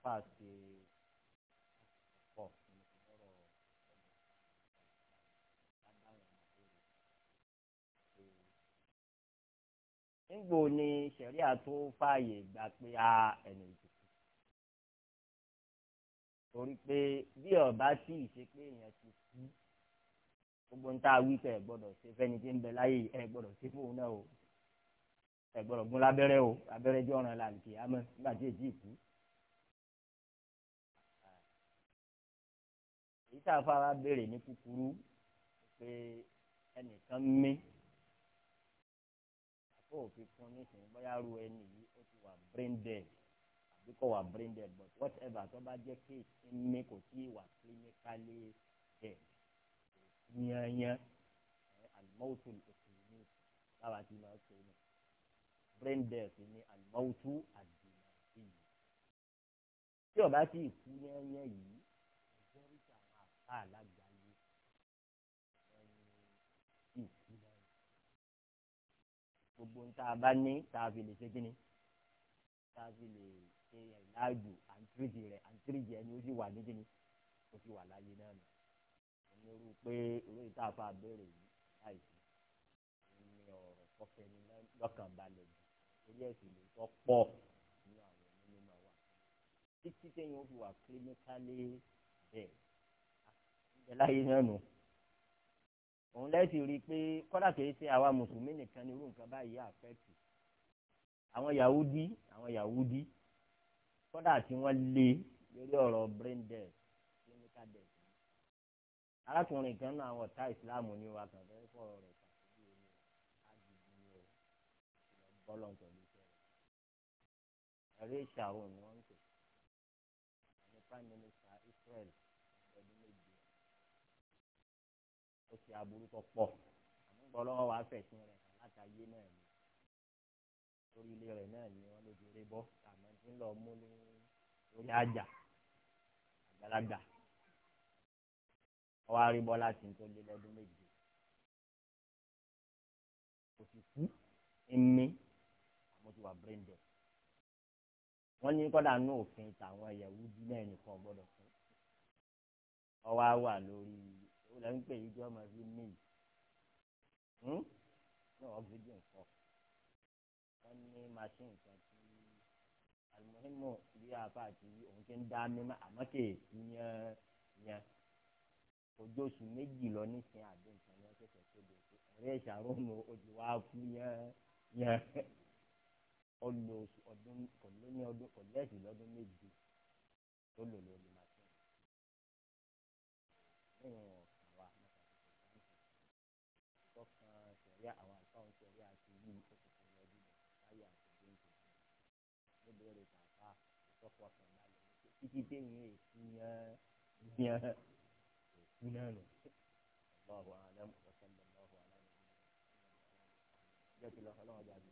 àfàṣe pọ̀ lọ́rọ̀ nígbò ni sẹ̀ríà tó fààyè gbà pé a ẹ̀nà ìdìbò torí pé bí ọba tí ì ṣe pé èèyàn ti kú gbogbo ń tá a wí pé ẹ gbọ́dọ̀ ṣe fẹ́ni tí ń bẹ láyé ẹ gbọ́dọ̀ ṣe fóun náà o ẹ gbọ́dọ̀ gún lábẹ́rẹ́ o abẹ́rẹ́ jọ̀ràn làǹkì àmọ́ nígbà tí èjì kú tá a fara béèrè ní kúkúrú pé ẹnìkan mí àpò òfin fún nísìnyí bóyá ru ẹni yìí ó ti wà brain dead àbí kò wà brain dead but whatever tó bá jẹ́ case mí kò tí ì wà clinically dead yanyan alimawutu ìsìnkú lára ti máa ṣe ní brain death ní alimawutu àdìmọ̀ ìyí tí ó bá sì kú yanyan yìí alágbàáyé gbogbo ń tá a bá ní tá a fi lè ṣe kíni tá a fi lè ṣe ìlàjù àǹtíríjì rẹ àǹtíríjì ẹni ó sì wà ní kíni ó sì wà láyé náà nù ẹni rú pé irú ìta àfa béèrè yìí láìsí ní ọ̀rọ̀ kọfẹ́ ní lọ́kànbalẹ̀ jù orí ẹ̀sìn ló tọ́ pọ̀ ní àwọn onímọ̀ wa títí téèyàn ó fi wà clinically bẹ́ẹ̀ láyé náà nù. òun lẹ́sìn rí i pé kọ́dà kìí ṣe àwa mùsùlùmí nìkan ni irú nǹkan báyìí àfẹ́tì. àwọn yahudi àwọn yahudi kọ́dà tí wọ́n lé lórí ọ̀rọ̀ brain death clinical death. arákùnrin kan náà àwọn ọ̀tá ìsìláàmù ni wà kàn fẹ́ fọ̀rọ̀ rẹ̀ kàkiri ni àjèjì ni ò bọ́lọ̀ pẹ̀lú iṣẹ́ ẹ̀rí ìṣàrò ni wọ́n ń aburú tó pọ̀ àmúgbọ́ lọ́wọ́ wàá fẹ̀sìn rẹ̀ látàyé náà ni lórí ilé rẹ̀ náà ni wọ́n ló ti ré bọ́ àmọ́ tí ń lọ mú ní lórí àjà àgbàlagbà ọwọ́ arígbọ́ láti tó lé lọ́dún méje kò sì kú ẹni àmọ́ ti wà bírèǹdẹ̀ wọ́n ní kọ́dà ní òfin tàwọn Yahudi náà nìkan gbọ́dọ̀ fún ọwọ́ á lórí ó lẹ́ ń pè yí jọ́ máa fi mí yìí hmm? náà wọ́n fi dín nǹkan wọ́n ní machine kan tí alimuhimu bí afa àti òun ti ń dá mímọ́ àmọ́ kéèkì yẹn yẹn ojú oṣù méjì lọ nísìnyí àbí nǹkan yẹn ṣẹ̀ṣẹ̀ kéde pé ọ̀rẹ́ ìṣàrónú odi wa fún yẹn yẹn ọlọ ọdún kò ní ọdún kò lẹ́sìn lọ́dún méje tó lò lórí machine. tọ́pọ̀ balẹ̀ títí déyìn rẹ̀ kú yán yán náà nù. Allahu a'lam wa sallallahu alaihi wa sallam.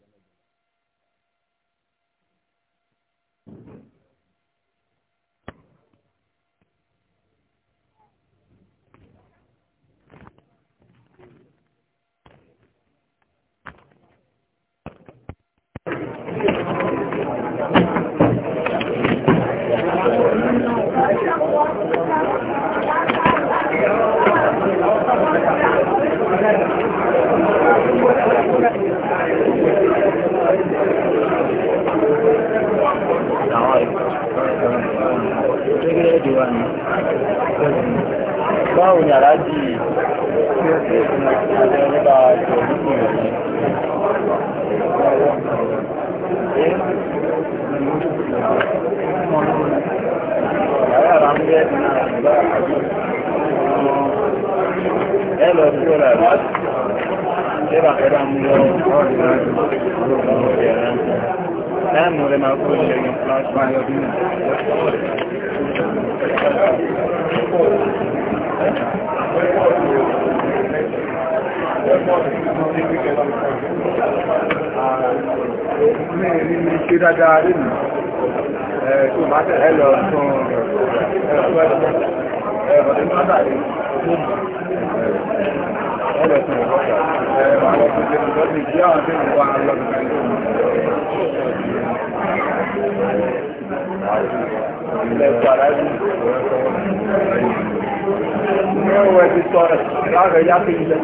aga yapayım da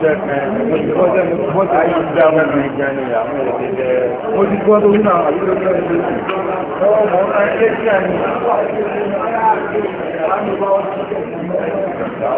Mutlu ayı izleme büyüyeceğini ya. Mutlu olduğunu anlatıyor. Tamam onlar